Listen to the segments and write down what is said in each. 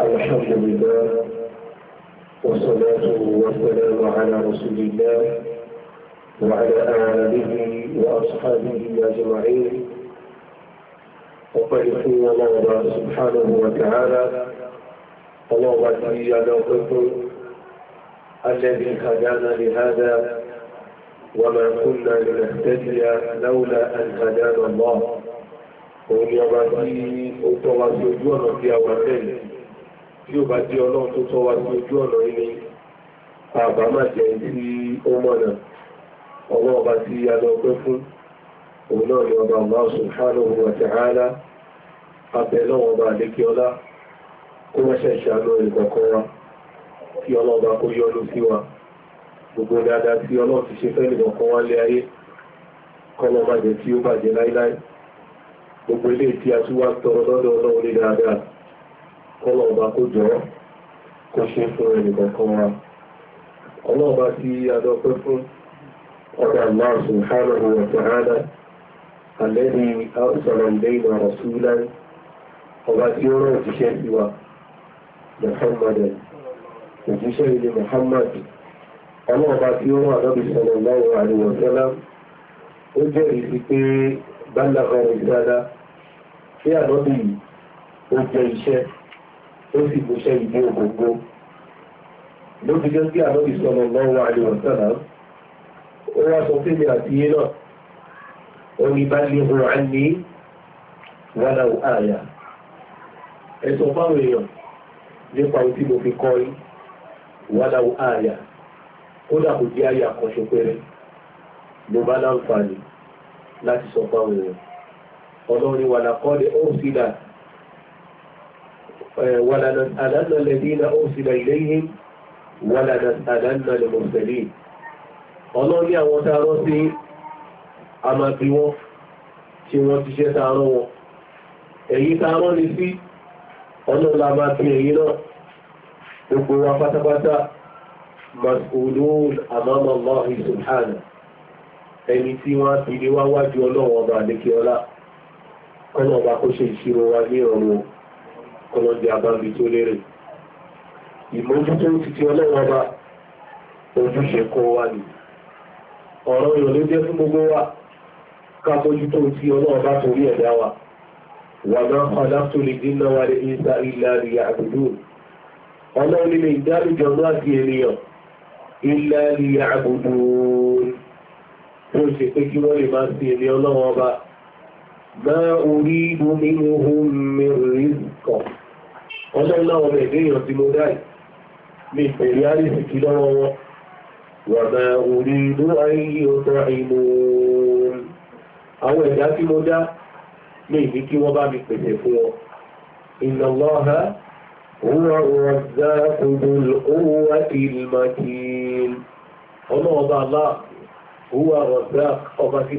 الحمد لله والصلاة والسلام على رسول الله وعلى آله وأصحابه أجمعين وقد فينا الله سبحانه وتعالى اللهم اجعلنا يلوقكم الذي هدانا لهذا وما كنا لنهتدي لولا أن هدانا الله òun ni ọba tí ó tọ́ wa sí ojú ọ̀nà tí a wà tẹ́lẹ̀ tí ó bá jẹ́ ọlọ́run tó tọ́ wa sí ojú ọ̀nà ilé àbá má jẹ́ sí ó mọ̀nà ọwọ́ ọba tí a lọ pẹ́ fún òun náà ni ọba Allah subhanahu wa lọ́wọ́ ti ṣe fẹ́ nìkọ̀kọ́ wá lé ayé kọ́lọ́ má jẹ́ tí ó bàjẹ́ láíláí gbogbo ilé tí a ti wá tọrọ lọ́dọ̀ ọlọ́run ní dáadáa kọ́lọ̀ ọba kó jọ kó ṣe fún ẹnìkọ̀ọ̀kan wa ọlọ́ọ̀bá tí a dọ́pẹ́ fún ọba Allah subhanahu wa ta'ala alẹ́ni àwọsànàndẹ́yìnà rasúlá ọba tí ó rán òjíṣẹ́ sí wa Muhammad òjíṣẹ́ ilé Muhammad ọlọ́ọ̀bá tí ó rán àdọ́bí sallallahu alaihi wa sallam ó jẹ́rìí sí pé bálàkọ̀ ìsára pé àlọ́bì ó jẹ iṣẹ́ ó sì gbéṣẹ́ ìdí ògógó ló fi jẹ́ pé àlọ́bì sọ̀rọ̀ lọ́wọ́ àlèwọ̀sánà ó wá sọ fún mi àti yé náà ó ní bá ní ohun à ń ní wàhálà àyà ẹ fáwọn èèyàn nípa ohun tí mo fi kọ́ yín wàhálà àyà kódà kò jẹ́ àyà kan ṣe péré ló bá láǹfààní láti sọ fáwọn èèyàn ọlọ́rin wàlàkọ́lé òsìlà wàlànà àdánà lẹ́dínà òsìlà iléyìn wàlànà àdánà lẹ́mọ̀sẹ̀lẹ̀ ọlọ́rin àwọn tààrọ́ sí àmàbí wọn tí wọ́n ti ṣe tààrọ́ wọn èyí tààrọ́ ní sí ọlọ́rin àmàbí èyí náà gbogbo wa pátápátá mas'ulun ẹni tí wọ́n ti wá wájú ọlọ́run ọba àdékè ọlá kọ́nà ọba kó ṣe ìṣirò wa ní ọ̀run kọ́nà jẹ́ abábi tó lérè ìmójútó ti ti ọlọ́wọ́ ọba ojúṣe kó wa ni ọ̀rọ̀ yóò ló jẹ́ fún gbogbo wa ká mójútó ti ọlọ́wọ́ ọba torí ẹ̀dá wa wà máa ń padà tó lè dín náà wà ní ìsá ilá rí àbùdù ọlọ́run náà di ènìyàn ilá rí àbùdù ó ṣe pé kí wọ́n lè máa sin ènìyàn ọlọ́wọ́ ọba ما أريد منهم من رزق ọjọ́ iná ọmọ ẹ̀dẹ́ èèyàn ti mo dáì ní ìpẹ̀lẹ̀ àríṣìkí lọ́wọ́ wọn wà bá orí inú ayé ọ̀tọ́ inú àwọn ẹ̀dá tí mo dá ní ìdí kí wọ́n bá mi pèsè fún wọn إن الله هو الرزاق ọba tí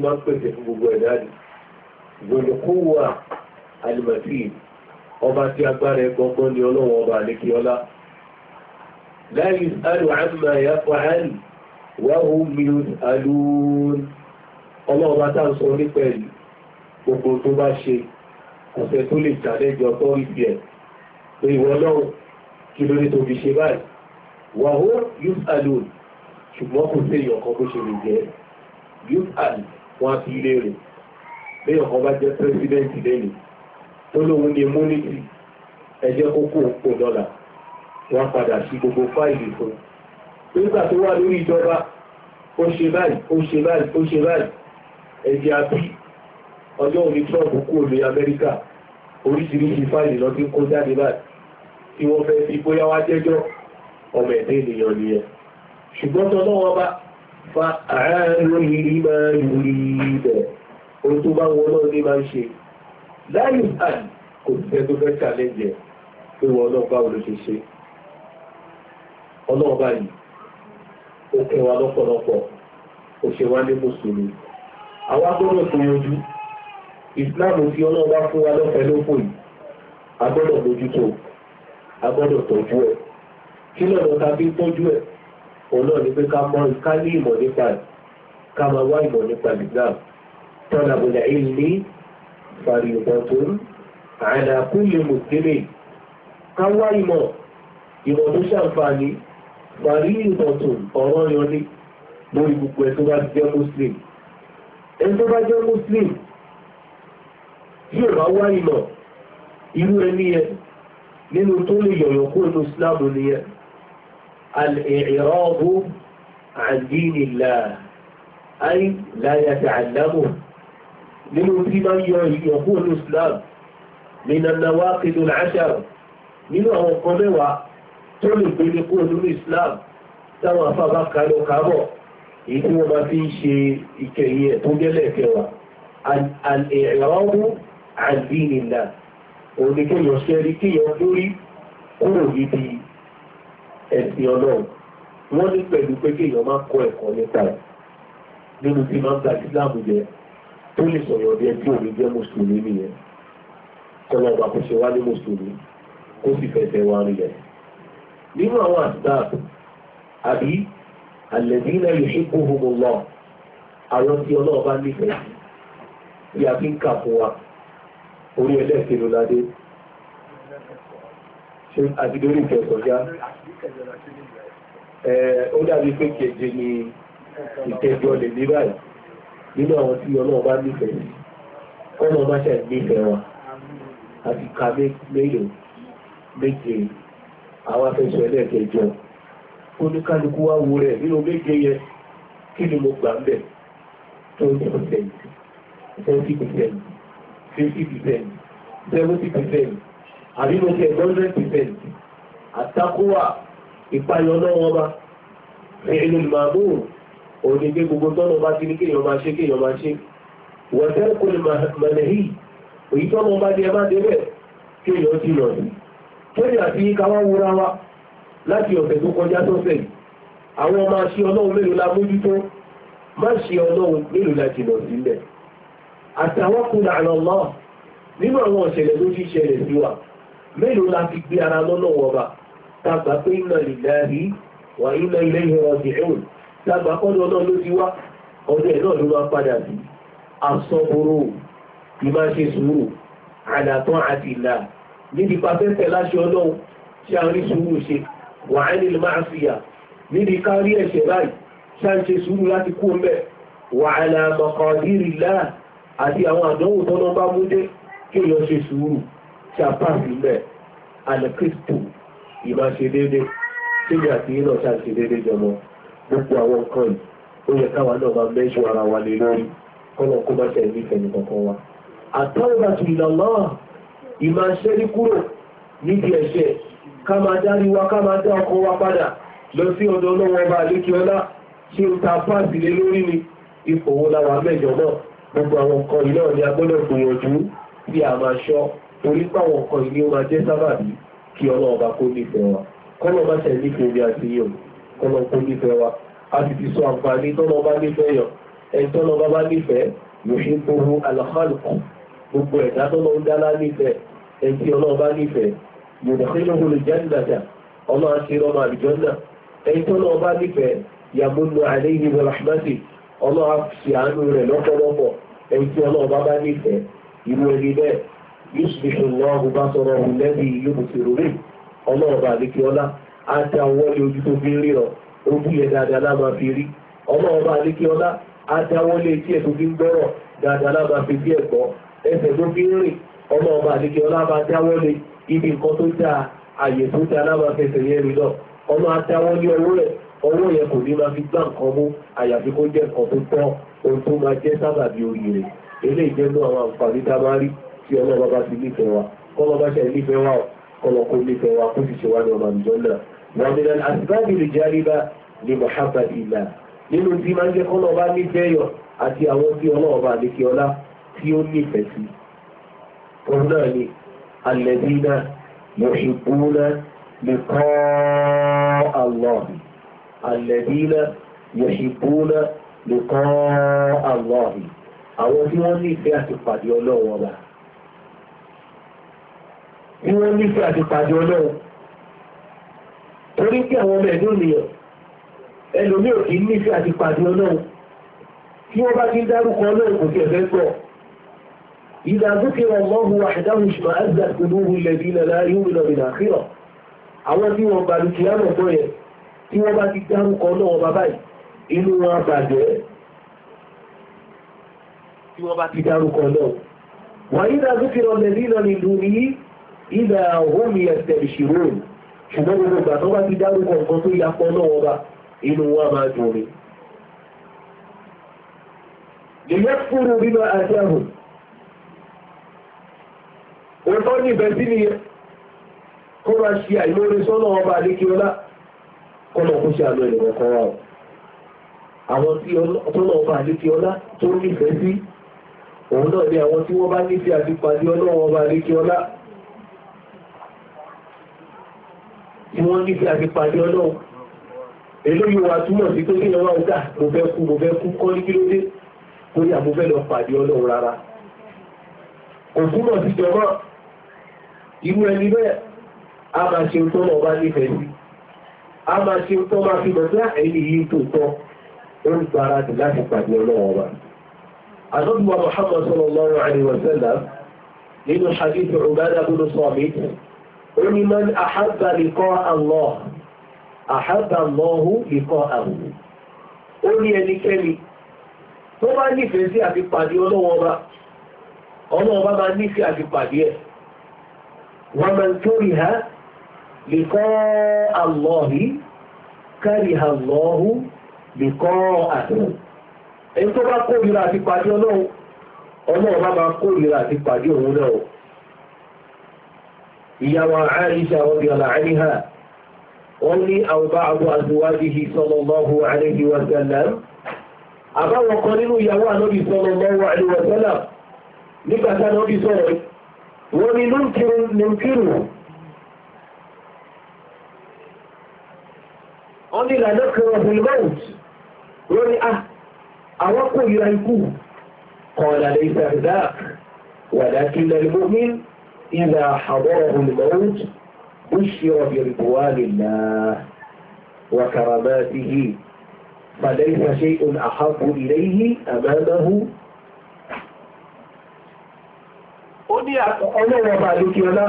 máa ń pèsè fún gbogbo ẹ̀dá nìí zolùkúwà alimọ̀tí ọba tí agbára ẹgbọ́gbọ́n ni ọlọ́wọ́ ọba àlékiọlá láyé alù àmà ya fàán wáhù mìíràn alùún ọlọ́ọba tá ń sọ ní pẹ̀lú gbogbo tó bá ṣe ọ̀sẹ̀ tó lè challenge ọ̀tọ́ ìbí ẹ̀ pé ìwọ náà kí ló ní tó fi ṣe báyìí béèyàn kan bá jẹ́ pírẹsidẹ́ǹtì lẹ́yìn tó lóun ní múnítì ẹjẹ́ kókó òpó dọ́là wọ́n padà sí gbogbo fáìlì fún un nígbà tó wà lórí ìjọba ó ṣe báyìí ó ṣe báyìí ó ṣe báyìí ẹjẹ́ abí ọjọ́ òní trump kú olè amẹ́ríkà oríṣiríṣi fáìlì lọ sí kó jáde báyìí tí wọ́n fẹ́ fi bóyá wá jẹ́jọ́ ọmọ ẹ̀dẹ́ ènìyàn nìyẹn ṣùgbọ́n tọ́lọ́wọ́ bá fa àárín ìmọ̀ ìrìbẹ̀ ohun tó bá wọn náà ní máa ń ṣe láyé àn kò sí ẹ tó fẹ́ ṣàlẹ́jẹ pé wọn náà bá wọn ṣe ṣe ọlọ́ọ̀bá yìí ó kẹwàá lọ́pọ̀lọpọ̀ ó ṣe wá ní mùsùlùmí àwọn agbọ́dọ̀ tó yanjú ìsìláàmù tí ọlọ́ọ̀bá fún wa lọ́fẹ̀ẹ́ ló fò yìí agbọ́dọ̀ mójútó agbọ́dọ̀ tọ́jú ẹ̀ kí lọ́dọ̀ ta fi tọ́jú ẹ̀ òun náà ni pé ká mọ̀ ká ìmọ̀ nípa ẹ̀ ká máa wá ìmọ̀ nípa ìsìláàmù طلب العلم فريضة على كل مسلم káwá ìmọ̀ ìmọ̀ tó ṣàǹfààní parí ìmọ̀tún ọ̀rọ̀ yọ ní lórí gbogbo ẹ̀ tó bá jẹ́ muslim ẹni tó bá jẹ́ muslim tí ò bá wá ìmọ̀ irú ẹni yẹn nínú tó lè yọ̀yọ̀ kó inú islam nìyẹn al-i'rabu 'an dinillah ay la yata'allamu nínú tí máa ń yọ ìyọ̀kú ní Islam nínàdàwà kìdùn àṣàrò nínú àwọn kan mẹ́wàá tó lè gbélé kúrò nínú Islam táwọn afábá kalọ kábọ̀ èyí tí wọ́n máa fi ń ṣe ìkẹyìn ẹ̀ tó gẹ́lẹ̀ kẹwàá àìrọ́bù àdínìlà òní kéèyàn ṣẹ́rí kéèyàn lórí kúrò níbi ẹ̀sìn ọlọ́run wọ́n ní pẹ̀lú pé kéèyàn máa kọ́ ẹ̀kọ́ nípa ẹ̀ nínú tí máa ń gba Islam jẹ́ tó lè sọ̀rọ̀ ọ̀dẹ tí òní jẹ́ mùsùlùmí nìyẹn kọ́nà ọba kò ṣe wá ní mùsùlùmí kó sì fẹsẹ̀ wá nílẹ̀. nínú àwọn àtìdáàbò àbí àlẹ́bí náà yóò ṣe kó homo lọ àwọn tí ọlọ́run bá nífẹ̀ẹ́ sí bí a fi ń kà fún wa orí ẹlẹ́sìn ló ládé ṣe àdìdórí ìkẹsọ̀já ó dàbí pé keje ni ìkẹjọ lè ní báyìí nínú àwọn tí ọlọ́run bá nífẹ̀ẹ́ sí ọlọ́run má ṣe nífẹ̀ẹ́ wọn àti ka mélòó méje àwọn afẹ́sọ̀ ẹlẹ́ẹ̀kẹjọ oníkálukú wá wo rẹ̀ nínú méje yẹn kí ni mo gbà ń bẹ̀ twenty percent thirty percent fifty percent seventy percent àbí mo ṣe hundred percent àtakùwà ìpayọ̀ náà wọ́n bá ẹ̀ẹ́dùn màmúù. òní pé gbogbo tọ́nà bá ti ní kéèyàn se ṣe kéèyàn máa ṣe wọ̀tẹ́ kò lè mọ̀lẹ́hì èyí tọ́nà bá ní ẹ má débẹ̀ kéèyàn ti lọ àti yíká wá wúra wa láti ọ̀sẹ̀ tó kọjá sọ́sẹ̀ yìí àwọn ọmọ àṣì ọlọ́run mélòó la mójútó má ṣe ọlọ́run mélòó la sílẹ̀ àtàwọn nínú àwọn tó ti ṣẹlẹ̀ sí la fi gbé ara lọ́nà wọba tá gbà pé wa inna ilayhi raji'un lágbà ọ̀dọ̀ náà ló ti wá ọ̀dọ̀ ẹ̀ náà ló máa padà sí asọ́boro ìmá ṣe sùúrù àdàtọ́ àti ìlà níbi pàfẹ́fẹ́ láṣẹ ọlọ́run tí a rí sùúrù ṣe wà á nílùú máa fi yà níbi kárí ẹ̀ṣẹ̀ báyìí tí a ń ṣe sùúrù láti kú mẹ́ wà á là mọ̀kàndínlì láà àti àwọn àdánwò tọ́nà bá mú dé kí èèyàn ṣe sùúrù tí a pàṣẹ mẹ́ àlẹ́ kírísítò ìmá ṣe déédéé tí mi àti yín náà ṣàṣe déédéé jọmọ́ gbogbo àwọn nǹkan yìí ó yẹ káwa náà máa mẹ́jọ ara wa lé lórí kọ́nà kó má ṣe ní ìfẹ̀yìn kankan wa. àtàwọn àti ìlànà ìmọ̀ ṣẹ́ ní kúrò níbi ẹ̀ṣẹ̀ ká máa dárí wa ká máa dá ọkọ wa padà lọ sí ọ̀dọ̀ ọlọ́wọ́ ọba àlékí ọlá ṣé ń ta páàsì lé lórí ni ipò wo lára mẹ́jọ náà gbogbo àwọn nǹkan yìí náà ni a gbọ́dọ̀ gbìyànjú bí a máa páwọn nǹkan yìí ni ó máa jẹ́ sábàbí kí ọlọ́ọ̀ba kó nífẹ̀ẹ́ wa kọ́nà má ṣe nífẹ̀ẹ́ bí a ti yàn kọlọ̀kọ́ nífẹ̀ẹ́ wa a sì ti sọ àǹfààní tọ́lọ́ bá nífẹ̀ẹ́ yàn ẹni tọ́lọ́ bá bá nífẹ̀ẹ́ yòṣe gbogbo alàkálùkù gbogbo ẹ̀dá tọ́lọ́ ń dálá nífẹ̀ẹ́ ẹni tí ọlọ́ bá nífẹ̀ẹ́ yòdàkínlógún lè jẹ́ ìdàjà ọlọ́ àti ọmọ àlùjọ́ náà ẹni tọ́lọ́ bá nífẹ̀ẹ́ yàgbónú àléyìn ibẹ̀ rahmati ọlọ́ àfi àánú àti àwọn ilé ojú tó fi rí rọ ojú yẹn dáadáa láà máa fi rí ọlọ́run bá lé kí ọlá àti àwọn ilé etí ẹ̀ tó fi ń gbọ́rọ̀ dáadáa láà máa fi bí ẹ̀gbọ́ ẹsẹ̀ tó fi ń rìn ọlọ́run bá lé kí ọlá máa dáwọ́ lé ibi nǹkan tó dáa àyè tó dáa láà máa fẹsẹ̀ yẹn rí lọ ọmọ àti àwọn ilé ọwọ́ rẹ̀ ọwọ́ yẹn kò ní máa fi gbá nǹkan mú àyàfi kó jẹ́ nǹkan tó tọ́ ohun tó máa jẹ́ sábàbí oríire eléyìí jẹ́ ومن الأسباب الجالبة لمحبة الله nínú tí máa ń jẹ́ kọ́nà ọba nífẹ̀ẹ́ yọ àti àwọn tí ọlọ́ ọba àdékè ọlá tí ó nífẹ̀ẹ́ sí òun náà ni alẹ́bínà yòṣùbúnà nìkọ́ Allah alẹ́bínà yòṣùbúnà nìkọ́ Allah àwọn tí wọ́n nífẹ̀ẹ́ àti pàdé ọlọ́wọ́ ọba tí wọ́n nífẹ̀ẹ́ àti pàdé ọlọ́wọ́ torí pé àwọn ọmọ ẹ̀dùn nìyàn ẹlòmí ò kì í nífẹ̀ẹ́ àti pàdé ọlọ́run tí wọ́n bá ti ń dárúkọ ọlọ́run kò tiẹ̀ fẹ́ gbọ́ ìdàgbókè ọlọ́run wàhídáhùn ìṣùmọ̀ àgbà gbogbo ilẹ̀ bí ilẹ̀ láàrin òmìnira ìrìn àkíyọ̀ àwọn tí wọ́n balù kí á lọ bọ́ yẹn wọ́n bá ti dárúkọ ọlọ́run bàbá yìí inú wọn bàjẹ́ tí wọ́n bá ti dárúkọ ọlọ́run wàhídáhùn ìṣùmọ̀ àgbà gbogbo ilẹ̀ bí ilẹ̀ láàrin òmìnira ṣùgbọ́n gbogbo ìgbà tó bá ti dárúkọ nǹkan tó yapọ̀ náà ọba inú wa máa dùn rí lèyẹ fúru nínú àti àrùn òótọ́ ní ìbẹ̀ sí nìyẹn kó máa ṣe àìlóore sọ́nà ọba àdékíọlá kọ́nà kó ṣe àlọ́ ìrìnà kan wà àwọn tí ọ̀tọ́nà ọba àdékíọlá tó nífẹ̀ẹ́ sí òun náà ni àwọn tí wọ́n bá nífẹ̀ẹ́ àti pàdé ọlọ́wọ́ ọba àdékíọlá tí wọ́n ní kí a fi pàdé ọlọ́run eléyìí wa túmọ̀ sí pé kéèyàn wá ọgá mo fẹ́ kú mo fẹ́ kú kọ́ ní kí ló dé kó ní àmúfẹ́ lọ pàdé ọlọ́run rárá kò túmọ̀ sí jọmọ́ irú ẹni bẹ́ẹ̀ a máa ṣe tó lọ bá nífẹ̀ẹ́ sí a máa ṣe tó máa fi mọ̀ sí ah, ẹni yìí tó tọ́ ó ń gbáradì láti pàdé ọlọ́run ọba àdọ́gbà Muhammad sallallahu alaihi nínú hadith Ubadah bin Samit ó ní man ahabba liqa'a Allah ahabba Allahu liqa'ahu ó onye ẹnikẹ́ni tó bá nífẹ̀ẹ́ sí àti ọlọ́wọ́ ọba ọmọ máa nífẹ̀ẹ́ àti pàdé ẹ̀ wa man kariha liqa'a Allahi kariha Allahu liqa'ahu ẹni tó bá kórìíra àti ọlọ́wọ́ ọlọ́wọ́ máa kórìíra ìyàwó àìṣà ọdí ọ̀là àríhà wọ́n ní àwọ̀bá àbú àtiwájìhì sallallahu alaihi wa sallam àbáwọn kan nínú ìyàwó ànọ́bì sallallahu alaihi wa sallam nígbàtà ànọ́bì sọ̀rọ̀ wọ́n ní lóńkírù wọ́n ní lànà kẹrọ hulmout wọ́n ní ah, àwọn kò yíra ikú kọ̀ọ̀lá lè إذا حضره الموت بشر برضوان الله وكراماته فليس شيء أحب إليه أمامه ó ní ọlọ́wọ́ bá lókè ọlá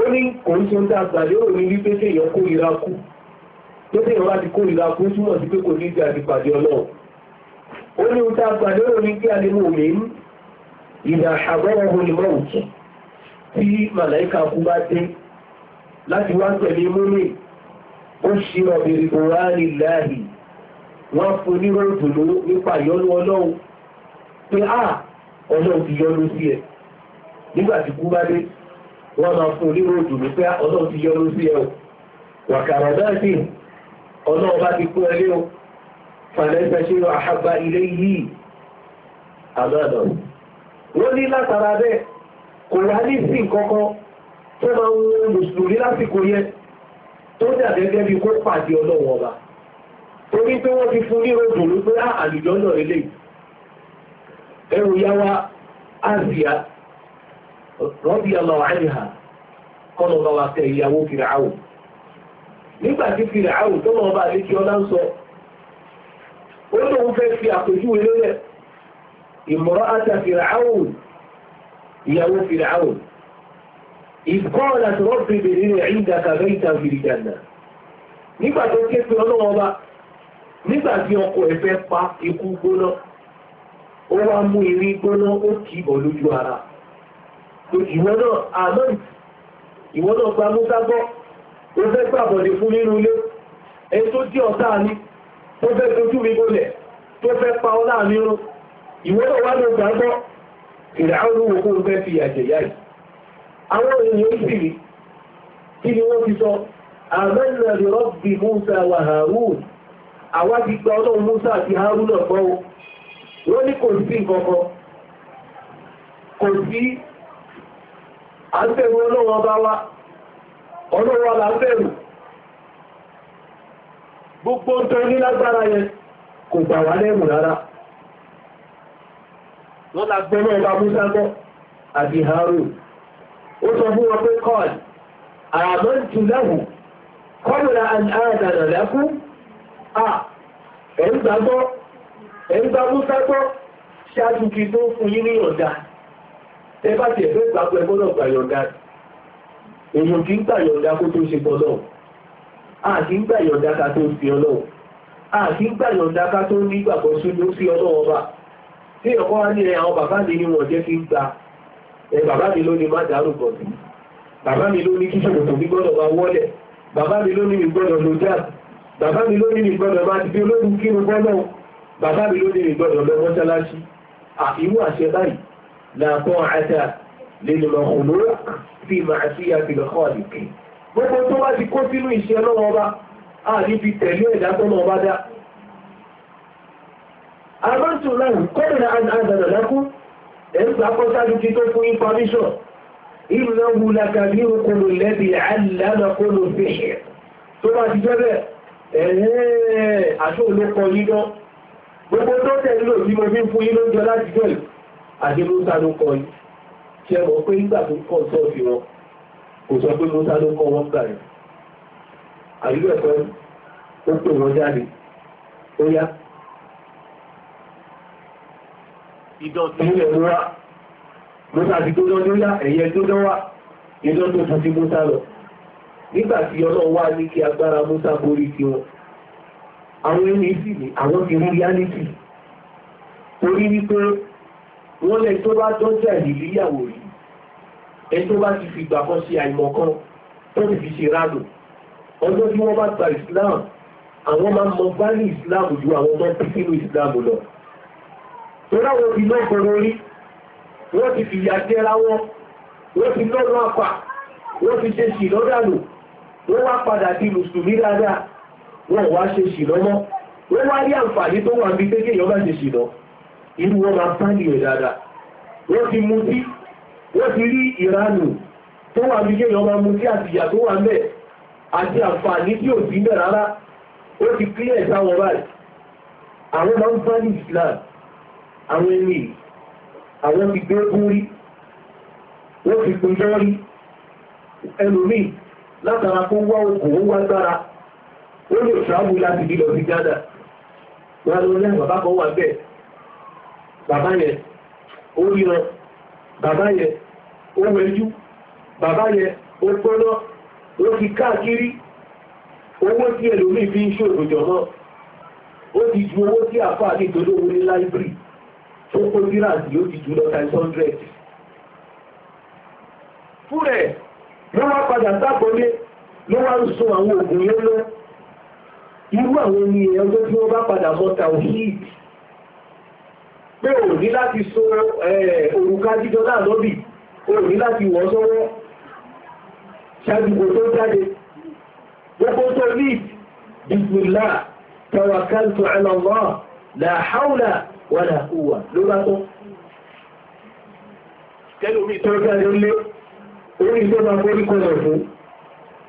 ó ní kò ń tó ń dá àgbàlẹ́ òní wípé tí èèyàn kó ìra kú tó tí èèyàn bá ti kó ìra kú túmọ̀ sí pé kò ní ìjà ìpàdé ọlọ́run ó ní ń dá àgbàlẹ́ òní kí a lè òmìn ìdà tí màláíkà kú bá dé láti wá tẹ̀lé múmi ó ṣe ọ̀bẹ̀rẹ̀ òwárí láàyè wọ́n fún ní nípa ìyọ́nú ọlọ́run pé à ọlọ́run ti yọ́nú sí ẹ nígbà tí kú bá dé wọ́n máa fún ní ròdùnú pé ọlọ́run ti yọ́nú sí ẹ wàkàrà náà sì ti kú ẹ o fàlẹ́sẹ̀ ṣe ilé yìí wọ́n ní látara bẹ́ẹ̀ kò wá ní sí nǹkankan tó máa ń wo mùsùlùmí lásìkò yẹn tó dà gẹ́gẹ́ bí kó pàdé ọlọ́wọ́ ọba torí pé wọ́n ti fún ní ròdùnú pé á ah, àlùjọ náà lélẹ̀ ẹrù yá wa Asiya rọ́bì ọlọ́wọ́ àìníhà kọ́nà ọba wa tẹ ìyàwó Fìràáwò nígbà tí Fìràáwò tó máa bá àlejò ọlá ń sọ ó lóun fẹ́ fi àpèjúwe lélẹ̀ ìmọ̀ràn àti àfìràáwò ìyàwó fìràáwùn ìkọ́ọ̀lá tó wọ́n fi bèrè rẹ̀ ìdá kàbẹ́ ìta fìrìjànà nígbà tó ké pé ọlọ́wọ́ bá nígbà tí ọkọ ẹ̀ fẹ́ pa ikú gbóná ó wá mú irin gbóná ó kì í bọ̀ lójú ara ìwọ náà àmọ́ ìwọ náà gba múta gbọ́ ó fẹ́ gbàbọ̀dé fún nínú ilé ẹni tó jẹ́ ọ̀tá mi tó fẹ́ dojú mi gbọ́lẹ̀ tó fẹ́ pa ọlá mi rún ìwọ náà wá lọ gbàgbọ́ ìdáhùn owó kó ń fẹ́ fi àjẹ̀ yá yìí àwọn èèyàn ìsìlì kí ni wọ́n ti sọ àmẹ́nà rọ́bì Musa wà Harun àwa ti gba ọlọ́run Musa àti Harun náà gbọ́ wọ́n ní kò sí nǹkan kò sí àbẹ̀rù ọlọ́run ọba wa ọlọ́run ọba bẹ̀rù gbogbo wọ́n la gbọ́ náà bá Musa gbọ́ àti Harun ó sọ fún wọn pé kọ́ọ̀d àmọ́ntù lẹ́hùn kọ́mùlà àdànà lẹ́kú à ẹ̀ńgbà gbọ́ ẹ̀ńgbà Musa gbọ́ ṣáájú kí tó fún yín ní ọ̀dà ẹ bá tiẹ̀ fẹ́ gbàgbọ́ ẹ gbọ́dọ̀ gbà yọ̀dà èèyàn kì í gbà yọ̀dà kó tó ṣe gbọ́dọ̀ à kì í gbà yọ̀dà ká tó fi ọlọ́wọ́ à kì í gbà yọ̀dà ká tó nígbàgbọ́ sí ọlọ́wọ́ bá tí ọkọ́ wá ní àwọn bàbá mi ní wọ́n jẹ́ kí ń ta ẹ bàbá mi ló ní má dárò pọ̀ sí bàbá mi ló ní kí ṣòkòtò mi gbọ́dọ̀ máa wọ́lẹ̀ bàbá mi ló ní mi gbọ́dọ̀ ló já bàbá mi ló ní mi gbọ́dọ̀ máa ti bí olóògùn kí mo gbọ́dọ̀ bàbá mi ló ní mi gbọ́dọ̀ lọ mọ́ṣáláṣí àfiwọ́ àṣẹ báyìí làkọ́ àṣà lẹ́nu mọ̀kùnrin fi màá sí àfihàn ọ̀dìkì gbogbo tó bá ti kó sínú ìṣẹ́ ọlọ́wọ́ bá tẹ̀lé ẹ̀dá tọ́lọ́wọ́ bá àbáṣù láì kọ́bìnrin àdàdà lákú ẹgbà kọ́sáàdì ti tó fún information ìrìnà wùlàkà ní okòrò lẹ́bí alálàkòrò fèṣẹ̀ tó bá ti jẹ́bẹ̀ ẹ̀hẹ́ àṣọ olókọ yídọ́ gbogbo tó tẹ̀lò bí mo fi ń fún yí lóúnjẹ láti jọ àti lóta ló kọ yí ṣe mọ̀ pé nígbà tó kọ́ sọ́ọ̀fì wọn kò sọ pé lóta ló kọ́ wọn gbà yìí àyíkẹ́kọ̀ọ́ ó pè wọn jáde ó yá ìdọ̀tí ilẹ̀ múra mọ́sá ti tó lọ́dún yá ẹ̀yẹ tó lọ́wà ìjọ tó fún sí mọ́sá lọ nígbà tí ọlọ́run wá ní kí agbára mọ́sá borí ti wọn àwọn ẹni sì ní àwọn ti rí reality torí wípé wọ́n lẹ́ tó bá tọ́jú àìlè ìyàwó rí ẹ tó bá ti fi gbà kan ṣe àìmọ̀kan tó ti fi ṣe rádò ọjọ́ tí wọ́n bá gba Islam àwọn máa mọ bá ní Islam ju àwọn tó ń pín sínú Islam lọ torí àwọn òbí náà kọ̀ lórí wọ́n ti fìyà jẹra wọn wọ́n ti lọ́rọ̀ apà wọ́n ti ṣe sì lọ́dàlù wọ́n wá padà di mùsùlùmí dáadáa wọ́n wá ṣe sì lọ́mọ́ wọ́n wá rí àǹfààní tó wà bí kéèké yọba ṣe sì lọ irú wọn máa bá nìyẹn dáadáa wọ́n ti mutí wọ́n ti rí ìranù tó wà bí kéèké yọba mutí àti ìyà tó wà ń bẹ̀ àti àǹfààní tí ò sí bẹ̀ rárá ó ti kílẹ̀ sáwọn báyìí àwọn máa ń bá ní Islam àwọn ẹni àwọn ti gbé ogún rí wọ́n fi pinjọ́ rí ẹlòmíì látara kó wá okùn ó wá gbára ó lè ṣáàbù láti bí lọ sí jádà wọ́n lọ ní bàbá kan wà bẹ́ẹ̀ bàbá yẹn ó ríran bàbá yẹn ó wẹjú bàbá yẹn ó gbọ́nà ó fi káàkiri owó tí ẹlòmíì fi ń ṣòdòjọ́ náà ó ti ju owó tí àfáà ní ìtòlówó ní láìbírì tó kó díràsì yóò ti jù lọ times hundred. fún rẹ̀ wọ́n wá padà sápọ́lé ló wá ń sun àwọn òògùn yẹn lọ irú àwọn ènìyàn tó tí wọ́n bá padà mọ́ tàwíìd pé ò ní láti so òrùka jíjọ náà lọ́bì ò ní láti wọ́ sọ́wọ́ ṣàdùgbò tó jáde gbogbo tó ní bismillah tawakkaltu ala Allah wọ́dà kúwà ló bá tọ́. Tẹ́lómi tó rẹ̀ lólé, orí ìsọ́nà oríkọlẹ̀ fún,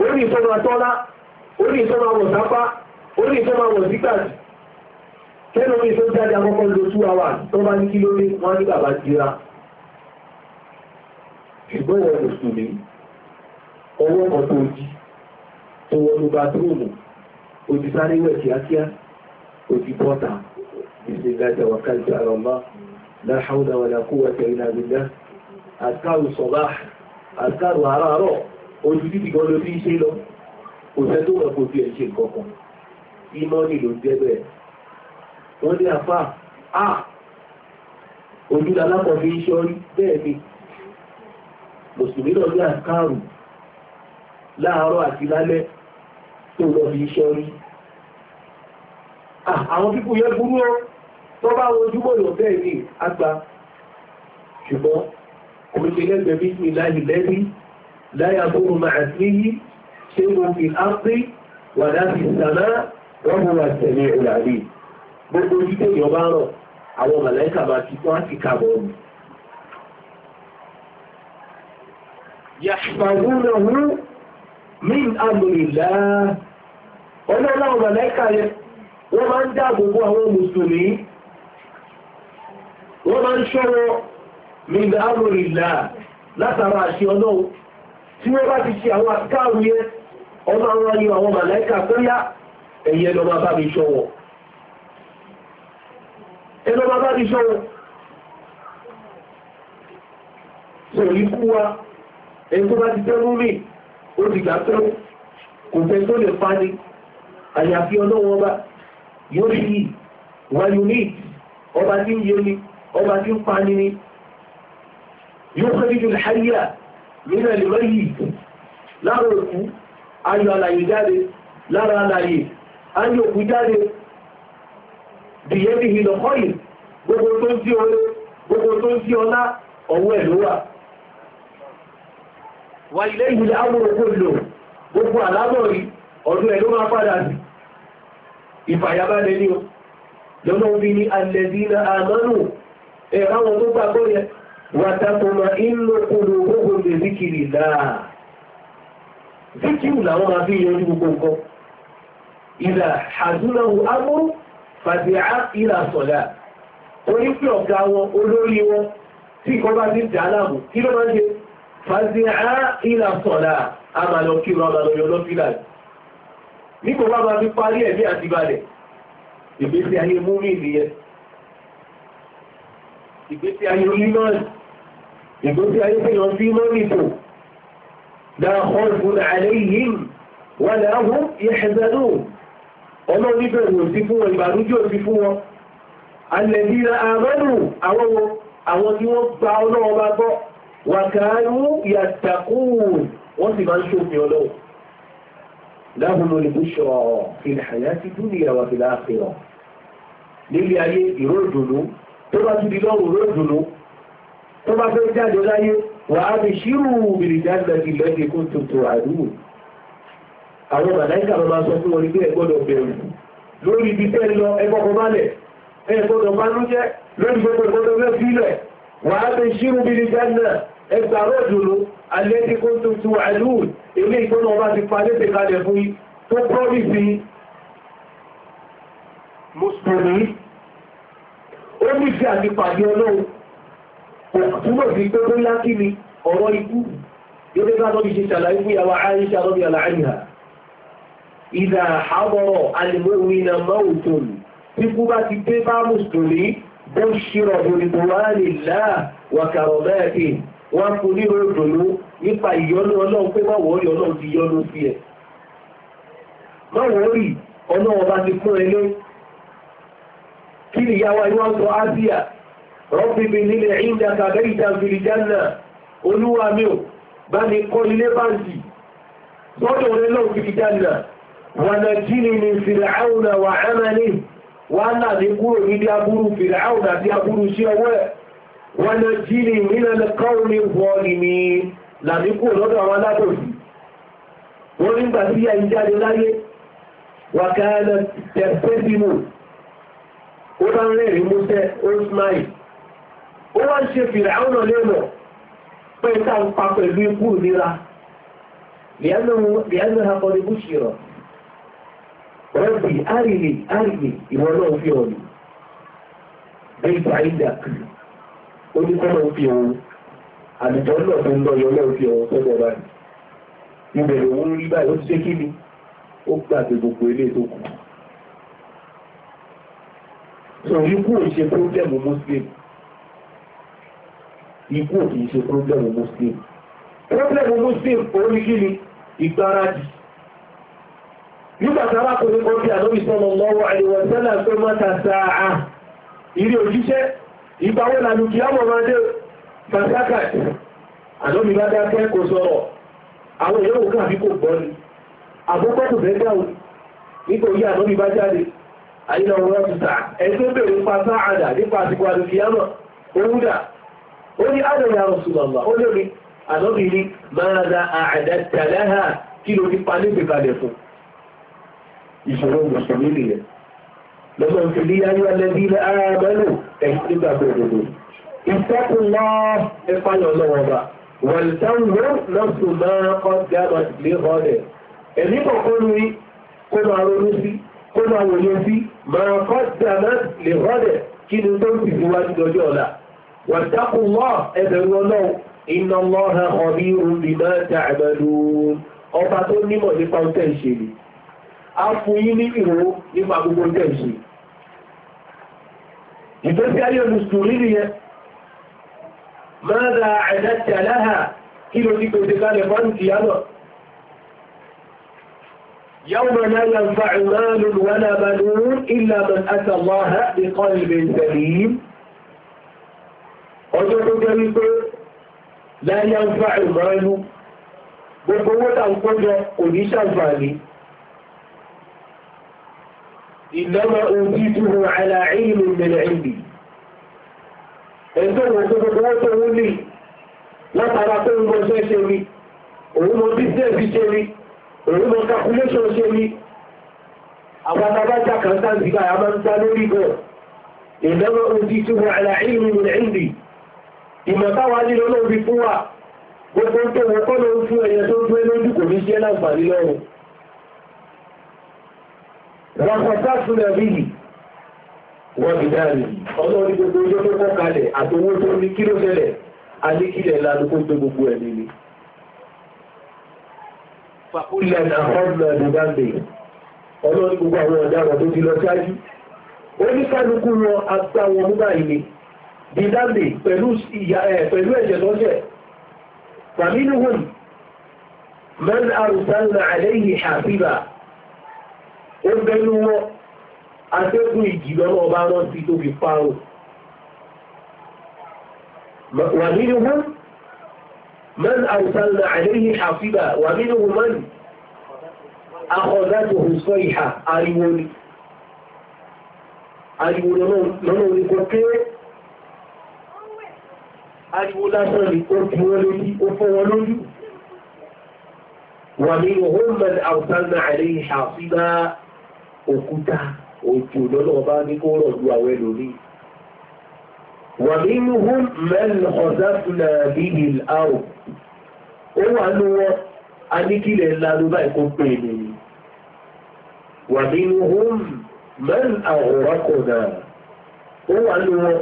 orí ìsọ́nà tọ́lá, orí ìsọ́nà wọ̀ sápá, orí ìsọ́nà wọ̀ síkàtì. Tẹ́lómi tó jáde akọ́kọ́ lo two hours tó bá ní kí ló lé wọ́n ní bàbá jira. Ṣùgbọ́n wọ́n kò sùn mí, ọwọ́ kan tó jí, tó wọ́n bá tó mù, kíákíá, òjì بسم الله توكلت على الله لا حول ولا قوة إلا بالله أذكار الصباح أذكار àràárọ̀ ojú títí kan ló fi ń ṣe lọ kò sẹ́ tó wọ̀ kò fi ẹ̀ ṣe kankan ìmọ̀ni ló jẹ́ bẹ́ẹ̀ wọ́n ní àfà á ojú alákọ̀ọ́ fi ń ṣọ́rí bẹ́ẹ̀ ni mùsùlùmí náà ní àkàrù láàárọ̀ àti lálẹ́ tó lọ fi ń ṣọ́rí àwọn pípò yẹ burú ọ́ tó bá ojúbọ̀ lọ bẹ́ẹ̀ ní àgbà ṣùgbọ́n oríṣẹ́lẹ́gbẹ̀ bíi láì lẹ́bí láyà bóru máa sí yí ṣé mo fi ápé wà láti sàmá rọ́bù wa tẹ̀lé ìràrí gbogbo ojú tèèyàn bá rọ̀ àwọn màláìkà máa ti tán àti kàbọ̀ wọ́n máa ń dáàbò bò àwọn mùsùlùmí wọ́n máa ń ṣọ́wọ́ nígbà àrùn ìlà látara àṣẹ ọlọ́run tí wọ́n bá ti ṣe àwọn àkáàrù yẹn ọmọ àwọn ayé àwọn màláìkà tó yá ẹ̀yẹ lọ máa bá mi ṣọ́wọ́ ẹ lọ máa bá mi ṣọ́wọ́ wa ẹni rí ó yóò ní ọba tí ń yé ni ọba tí ń pa ní ní yóò kọ́jú ìhàyà nínú ẹ̀lẹ́mọ́ yìí lára òkú ayọ̀ àlàyé jáde lára àlàyé ayọ̀ òkú jáde bìyẹ́bì ìlọ̀ kọ́yìn gbogbo tó ń sí orí gbogbo tó ń sí ọlá ọwọ́ ẹ̀ ló wà wà ilé ìhìlẹ̀ amúròkó lò gbogbo àlábọ̀rí ọdún ẹ̀ ló máa padà sí ìfàyàbálẹ̀ ní o lọ́nà omi alẹ́dínà àmọ́nù ẹ̀ráwọn tó gbàgbọ́ yẹ wàtàkùnmà inú kúrò ogun lè zikiri dáa zíkìrì làwọn máa fi yọjú gbogbo nǹkan ìlà àdúnáwò amúrú fàdíà ìlà sọ̀dá orí ọ̀gá wọn olórí wọn tí ìkọ́ bá ti dà kí ló máa ń ṣe ìlà sọ̀dá lọ́fíìlà nígbà wọn máa fi ìgbésí ayé onímọ̀ọ̀nì ìgbésí ayé pé yàn fi mọ́nì tò náà ọ̀dùn àlẹ́ yìí wà láhùn ìṣẹ̀dánù ọmọ oníbẹ̀rù òsì fún wọn ìbànújì òsì fún wọn alẹ́bíra àmọ́nù àwọn wọn àwọn tí wọ́n gba ọlọ́wọ́ bá gbọ́ wà káánú yàtàkùn wọ́n sì máa ń ṣòfin ọlọ́wọ́ láhùn olùbùṣọ̀ fil hayati dunya wa fil akhirah nílé ayé ìró ìdùnnú tó bá ti di lọ́wọ́ ló dùnú tó bá fẹ́ jáde láyé wà á fi ṣírù bìrì jáde lẹ́gbẹ̀ẹ́ kó tuntun àdúgbò àwọn màláìkà máa sọ fún wọn ní pé ẹ gbọ́dọ̀ bẹ̀rù lórí ibi tẹ́ lọ ẹgbọ́kọ̀ balẹ̀ ẹ gbọ́dọ̀ banújẹ́ lórí gbogbo ìgbọ́dọ̀ fẹ́ sílẹ̀ wà á fi ṣírù bìrì jáde ẹgbà rọ́dùnú alẹ́dí kó tuntun àdúgbò ilé ìgbọ́nà ọba ti pa lẹ́sẹ̀ kalẹ̀ fún tó promise ó ní bí àdìpàdé ọlọ́run kò túnbọ̀ sí pé bóyá kí ni ọ̀rọ̀ ikú gẹ́gẹ́ bá lọ́bi ṣe ṣàlàyé fún yàwó àìṣà lọ́bi àlàáyà ìdà àwọ̀rọ̀ alìmọ́wìnà mọ́ọ̀tún tí kú bá ti dé bá mùsùlùmí bó ṣírọ̀ òrìbò wá nílá wà kàrọ̀ mẹ́ẹ̀kì wọ́n kú ní òdòdó nípa ìyọ́nú ọlọ́run pé má wọ́ọ̀rì ọlọ́run ti yọ́nú sí ẹ̀ má wọ́ọ̀rì ọlọ́run bá ti fún ẹ kí ni ìyàwó ìwọ́n sọ ábíà rọ́bìbì nílẹ̀ ìndàkà bẹ́ìdà fìlìjánà olúwa mi ò bá ní kọ́ ilé báńkì sọ́dọ̀ rẹ̀ lọ́wọ́ fìlìjánà wà nà jí ni ní fìràáùnà wà ẹ́mẹ́lì wà nà ní kúrò níbi aburú fìràáùnà àti aburú sí ọwọ́ ẹ̀ wà nà jí ni nílẹ̀ kọ́ọ̀lì wọ́ọ̀lì ni làmíkù lọ́dọ̀ àwọn alábòsí wọ́n nígbà tí yà ń láyé wà káyà tẹ̀símù ó bá ń rẹ̀rìn músẹ́ ó ń smile ó wá ń ṣe fìrà àwọn ọ̀lẹ́mọ̀ pé tá ń pa pẹ̀lú ikú ìlera lẹ́yìn àpọ̀ ní búṣìrọ̀ rẹ́bì àrìlè àrìlè ìwọ náà fi ọ̀nì bẹ́ẹ̀bà ìdàk oníkọ́ náà fi ọ̀hún àdìjọ náà tó ń lọ yọ náà fi ọ̀hún sọ́dọ̀ báyìí ìbẹ̀rẹ̀ òun rí báyìí ó ti ṣe kí ni ó gbàgbé gbogbo ilé tó kù so ikú ò ṣe pírọ́blẹ̀mù muslim ikú ò kìí ṣe pírọ́blẹ̀mù muslim pírọ́blẹ̀mù muslim oríkìlì ìgbáradì nígbàtà arákùnrin kan bí àdóbi sọ́nà lọ́wọ́ àìwọ̀ sẹ́lá pé mọ́ta sáà ilé òjíṣẹ́ ìgbàwó lànà kí á mọ̀ máa dé fasakat àdóbi bá dákẹ́ kò sọ̀rọ̀ àwọn èèyàn òkú àbí kò gbọ́ ni àbúkọ́ kò fẹ́ dáhùn nítorí àdóbi bá jáde àyínà wọn ti sà ẹni tó bèèrè nípa sáàdà nípa àsìkò àdùkìyàmọ̀ òwúdà ó ní àdàlẹ̀ àrùsùlọ̀mà ó lórí àdọ́bìnrin máa da àdá tàlẹ́hà kí ló nípa níbi kalẹ̀ fún ìṣòro mùsùlùmí nìyẹn lọ́sọ̀ ń fi ní kó máa wòye sí máa kọ́ dáná lè rọ́dẹ̀ kí ni tó ń sì fi wájú lọ́jọ́ ọ̀la wàtákù wọ́ ẹbẹ̀rù ọlọ́run iná lọ́ha ọ̀rí omi máa ta àmàlù ọba tó nímọ̀ nípa ohun tẹ̀ ń ṣe ni a fún yín ní ìró nípa gbogbo ohun tẹ̀ ìgbésí ayé olùsùnrí nìyẹn máa ra àdájà láhà kí ló ní kò kálẹ̀ fọ́nù tìyá náà يوم لا ينفع مال ولا بنون إلا من أتى الله بقلب سليم ọjọ́ tó jẹ́ wípé láyá ń fà ìmọ̀ẹ́lú gbogbo owó tà ń kójọ kò ní ṣàǹfààní ìlọ́mọ òjì tó hù àlàáìlú ìbẹ̀rẹ̀ ìbì ẹ̀tọ́ wọn tó gbogbo owó tó wú ní látara tó ń gbọ́ ṣẹ́ ṣe rí òun mo bí sí ẹ̀bí ṣe rí òun mọ calculation ṣe rí àwọn abájá kan sáàtì báyà máa ń dá lórí gan ìdánwò ojú tí wọn àlà ìlú ní ìlú ìmọ̀ táwa nílò náà fi fún wa gbogbo tó wọn kọ́ ló ń fún ẹyẹ tó gbé lójú kò ní jẹ́ láǹfààní lọ́rùn rọ̀pọ̀tà fún ẹ̀rí yìí wọ́n ti ọlọ́rí gbogbo ọjọ́ tó kọ́ kalẹ̀ àtòwó tó ní kí ló fẹ́lẹ̀ a ní kílẹ̀ gbogbo ẹ̀mí ni. Ilẹ̀ àkọ́gbọ̀n ìdúgbàgbè, ọlọ́rin gbogbo àwọn ọ̀daràn tó ti lọ ṣáájú. Ó ní kálukú wọn agbá wọn mú báyìí ni, dídágbè pẹ̀lú ẹ̀jẹ̀ tó jẹ́. Fàmínúhùn, mẹ́rin àrùsánà àlẹ́yìn àfíbà, ó bẹ́nu wọn, atẹ́gùn ìjìlọ́nà ọba rán sí tó fi parun. Wàmínúhùn, من أرسلنا عليه حافظا ومنه من أخذته الصيحة أريوني ariwo lọ́nà orí kó kéré ariwo lásán ní ó kí wọ́n lórí ó fọ́ wọn lójú wà ní ohun àwùsánà àrí àfíbá òkúta òjò lọ́nà ọba ní kó rọ̀ ju àwọn ẹlòmíì ومنهم من خسفنا به الأرض ó أنه ní wọn a ní ومنهم من lánú báyìí أنه pè ní wà nínú hóm mẹ́rin àwòrán kò náà ó wà ní wọn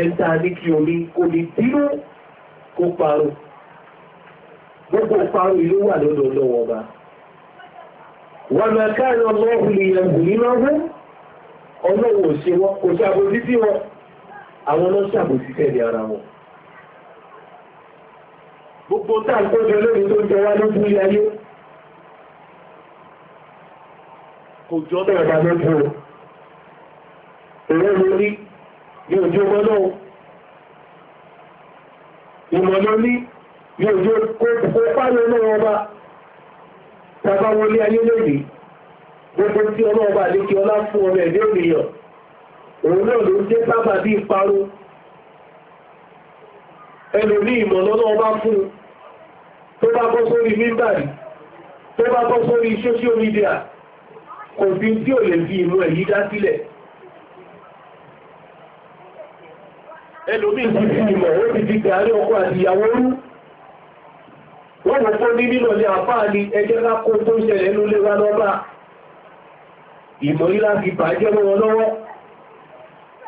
ẹ̀ta ní kí omi kò ní gbogbo parun ìlú wà lọ́dọ̀ lọ́wọ́ ọba wà máa káàrin ọmọ nínú ọgbọ́n ọlọ́wọ́ òṣèwọ́ kò sí wọn àwọn ló ṣàbòsí tẹ̀lé ara wọn gbogbo tá ń kójọ lórí tó jẹ wá lójú ilé ayé kò jọ bẹ́ẹ̀ bá lójú o ìrẹ́ mi rí ní ojú ọmọ náà ìmọ̀nà ní ní ojú kó pálẹ̀ náà ọba tàbá wọlé ayé lónìí òun náà ló jẹ́ sábà bí ìparun ẹnu ní ìmọ̀lọ́nà ọba fún tó bá kọ́ sórí mímbàrí tó bá kọ́ sórí social media kò fi tí ò lè fi ìmú ẹ̀yí dá sílẹ̀ ẹnu ní ìsìnkú ìmọ̀ ó ti di gàárí ọkọ àti ìyàwó rú wọ́n mọ̀ fún ní nílò ní àfáà ni ẹjẹ́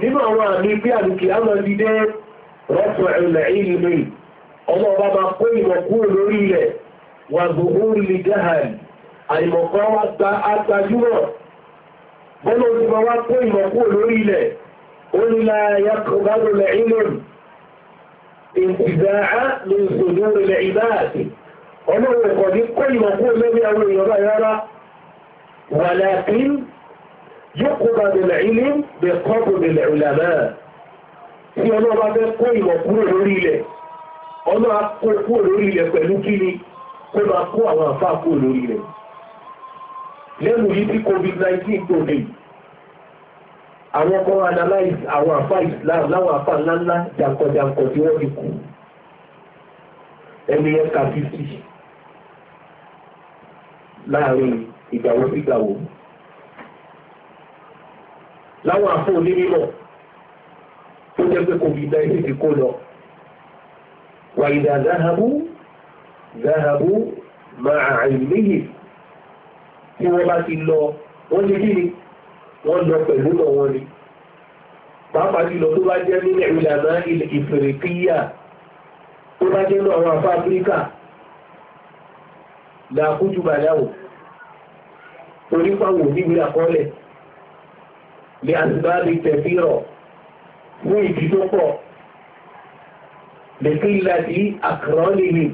nínú àwọn àmì pé àdùkì á lọ dídé rọ́pọ̀ ilẹ̀ ìlú ọmọ ọba máa kó ìmọ̀ kúrò lórí ilẹ̀ wà gbogbo ilẹ̀ jahan àìmọ̀kọ́ agbájúmọ̀ bọ́lá ti máa wá kó ìmọ̀ kúrò lórí ilẹ̀ ó ìlú ìtìdáà ní yókùnbà nílẹ̀ ilé bẹ kọ́bù nílẹ̀ ìlànà tí ọlọ́run bá fẹ́ kó ìmọ̀ kúrò lórí ilẹ̀ ọlọ́run kó kúrò lórí ilẹ̀ pẹ̀lú kíni kó máa kó àwọn àfá kúrò lórí ilẹ̀ lẹ́nu yìí tí covid-19 tó dé àwọn kan analyze àwọn àfá islam láwọn àfá ńláńlá jàǹkọ̀jàǹkọ̀ tí wọ́n ti kú ẹni ẹ̀ka 50 láàrin ìgbàwó sígbàwó láwọn àfọ onímọ̀ tó jẹ́ pé covid-19 ti kó lọ wà ìdá záhabú záhabú máa àìníyè tí wọ́n bá ti lọ wọ́n ti kí ni wọ́n lọ pẹ̀lú lọ wọn ni pàápàá jùlọ tó bá jẹ́ nílẹ̀ ìlànà ìfèrèkíyà tó bá jẹ́ náà àwọn afọ áfíríkà làkújú bàdáwò torí pàwọ̀ níbi àkọọ́lẹ̀ bí àtìbáàbí tẹ̀síọ̀ fún ìdí tó pọ̀ bẹ̀kí láti àkàrọ̀ nìyí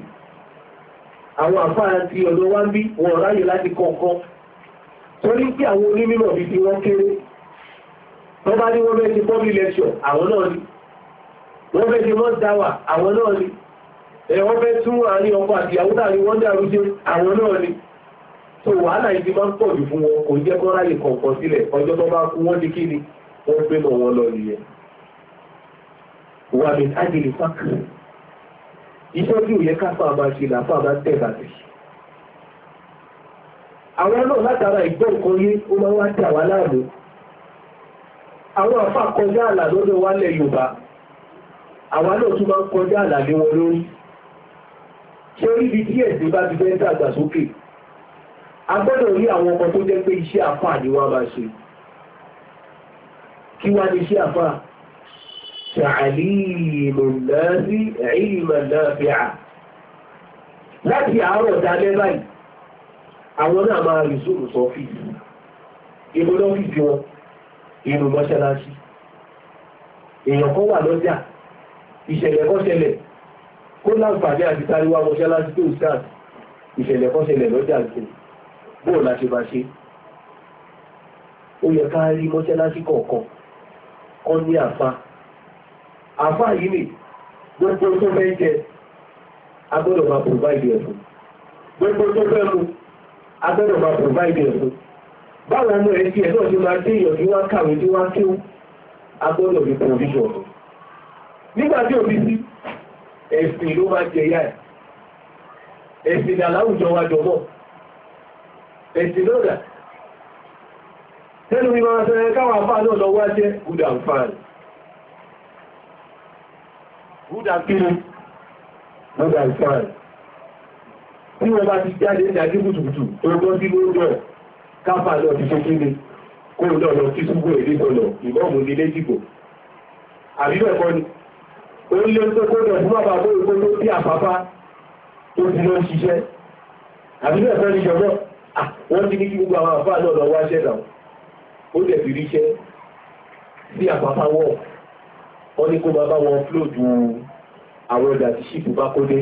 àwọn àfáà ti ọ̀dọ̀ wá bí wọ́n ráyè láti kọ̀ọ̀kan torí pé àwọn onímọ̀ fi ti wọ́n kéré wọ́n bá ní wọ́n bẹ́ẹ̀ ti public lecture àwọn náà ni wọ́n bẹ́ẹ̀ ti wọ́n tó wàhálà ibi máa ń pọ̀ jù fún wọn kò jẹ́ kó ráyè kọ̀ọ̀kan sílẹ̀ ọjọ́ tó bá kú wọ́n ní kí ni wọ́n gbé mọ̀ wọn lọ nìyẹn. wà mí ágìlì fákìlì iṣẹ́ bí òye káfà máa ṣe làfà máa tẹ̀ bàtì. àwọn náà látara ìgbọ́ nǹkan yé ó máa wá dà wá láàmú. àwọn àfa kọjá àlà lọ́dọ̀ wálẹ̀ Yorùbá àwa náà tún máa ń kọjá àlà lé wọn lórí. ṣé ibi díẹ̀ a gbọ́dọ̀ rí àwọn ọkọ̀ tó jẹ́ pé iṣẹ́ àfáà ni wọ́n máa ṣe kí wá ní iṣẹ́ àfáà tààlìmù lẹ́sí ìlmà náàfíà láti àárọ̀ dalẹ́ báyìí àwọn náà máa rí sóòrò sọ fíìsì inú lọ́fíìsì wọn inú mọ́ṣáláṣí bóò láti bá ṣe ó yẹ ká rí mọ́ṣáláṣí kọ̀ọ̀kan kọ́ ní àfa àfa yìí nì gbogbo tó fẹ́ jẹ agbọ́dọ̀ máa provide ẹ̀ fún gbogbo tó fẹ́ mu agbọ́dọ̀ máa provide ẹ̀ fún báwọn ọmọ ẹ̀ tiẹ̀ náà ti máa dé èèyàn tí wọ́n kàwé tí wọ́n kéwú agbọ́dọ̀ fi provision nígbà tí òbí sí ẹ̀sìn ló máa jẹ yá ẹ̀ ẹ̀sìn ní aláwùjọ wájọ náà ẹ̀sìn lọ́dà tẹ́lú mi máa sẹ́rẹ káwà fà náà lọ wá jẹ́ good and fine good and fine good and fine tí wọ́n bá ti jáde ìdájí kùtùkùtù tó gbọ́ sí lóòjọ́ káfà náà ti ṣe kí ni kó náà lọ sí súgbò èdè sọ̀nà ìbọ́mù ní lẹ́jìgbò àbíbẹ̀kọ́ ni ó lé tó kó dọ̀ fún bàbá tó ìkó tó sí àpapá tó ti lọ ṣiṣẹ́ àbíbẹ̀kọ́ ni jọ̀gbọ́n Ah, wọ́n ti ní kí gbogbo àwọn àfáà náà lọ wáṣẹ́ náà ó dẹ̀ fi ríṣẹ́ sí àpapá wọ̀ wọ́n ní kó máa bá wọn fúlò ju àwọn ọjà tí ṣìpù bá kó dé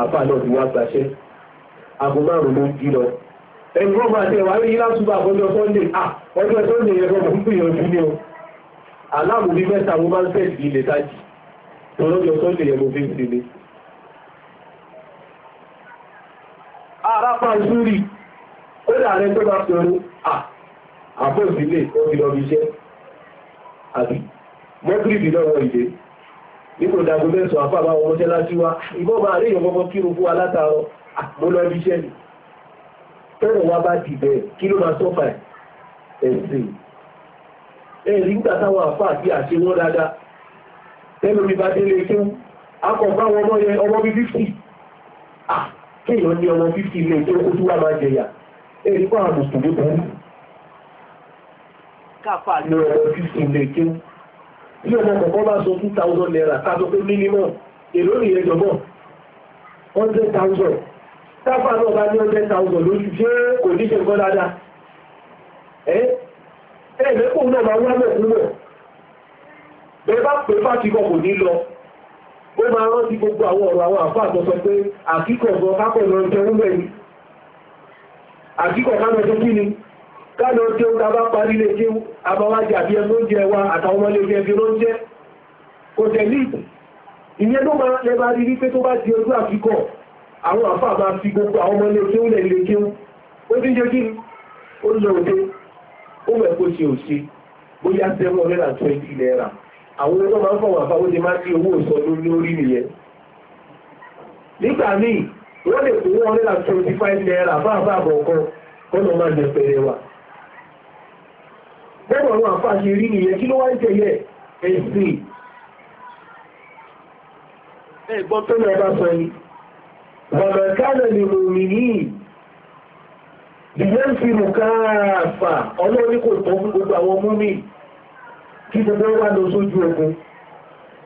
àfáà náà ti wá gbàṣẹ́ aago márùn-ún ló ń jí lọ ẹni wọ́n máa tẹ̀ wá rí látúbà ọjọ́ sunday ah ọjọ́ sunday yẹn gbọ́dọ̀ ń gbìyànjú ní o aláàmù bíi mẹ́ta mo máa ń fẹ́ẹ̀sì ilẹ̀ tájì lọ́jọ́ sunday yẹn mo fi ń sinmi apá zúrì ó dàrẹ tó bá sọ̀rọ̀ àbọ̀ ìdílé ó fi lọ iṣẹ́ àbí mọ́gírìbì lọ́wọ́ ìdè nígbò dàgbò mẹ́sàn àpá àwọn ọmọṣẹ́ láti wá ìbọn máa rí ìyọ̀kọ́kọ́ kírun fún alátàárọ̀ mo lọ iṣẹ́ ni tọ́rọ̀ wá bá dìbẹ̀ kí ló máa sọ́fà ẹ̀sìn ẹ̀rí ń tàtàwọn àpá àti àṣewọ́n dáadáa tẹ́lómi bá délé kéwú akọ̀ bá wọn ọmọ yẹn ọmọ bíi 50 kéèyàn ní ọmọ fífi ilé tó kó túwá máa jẹyà èyí fún àwọn mùsùlùmí bẹ́ẹ̀ káfà ní ọmọ fífi ilé tó tí ọmọ kọ̀ọ̀kan bá sọ two thousand naira ká sọ pé mínímọ̀ èrò nìyẹn jọ̀bọ̀ hundred thousand káfà náà bá ní hundred thousand lóṣù ṣé kò ní ṣe nǹkan dáadáa ẹ ẹ lẹ́kọ̀ọ́ náà máa wá mẹ́kúnmọ̀ bẹ́ẹ̀ bá pè é kò ní lọ ó máa rántí gbogbo àwọn ọ̀rọ̀ àwọn àfáà tó sọ pé àkíkọ̀ gan kápọ̀ lọ jẹun bẹ́ẹ̀ ni àkíkọ̀ kánà tó kí ni kánà jẹun ta parí lè jẹun abáwájẹ àbí ẹnu wa àtàwọn ọmọ lè jẹ oúnjẹ kò tẹ̀lé ìyẹn ló máa lẹ́bàá rí wípé tó bá di ojú àkíkọ̀ àwọn àfáà máa fi gbogbo àwọn ọmọ ni ó lọ àwọn ẹgbẹ́ máa ń fọ̀wọ̀ àfáwọ́ ti máa ń fi owó ìsọdú lórí nìyẹn nígbà míì wọ́n lè kó wọ́n nílà 25 naira fáfá àbọ̀kan kọ́nà máa jẹ pẹ̀rẹ̀ wà bẹ́ẹ̀ àwọn àfá ṣe rí nìyẹn kí ló wá ń tẹ̀lé ẹ̀sìn ẹ̀gbọ́n tó lọ bá sọ yìí bàbá kánà lè mọ̀ mí ní ìyẹn fi mọ̀ káàfà ọlọ́run kò tọ́ fún gbogbo àwọn mú mi kí gbogbo wà lọ sójú ogun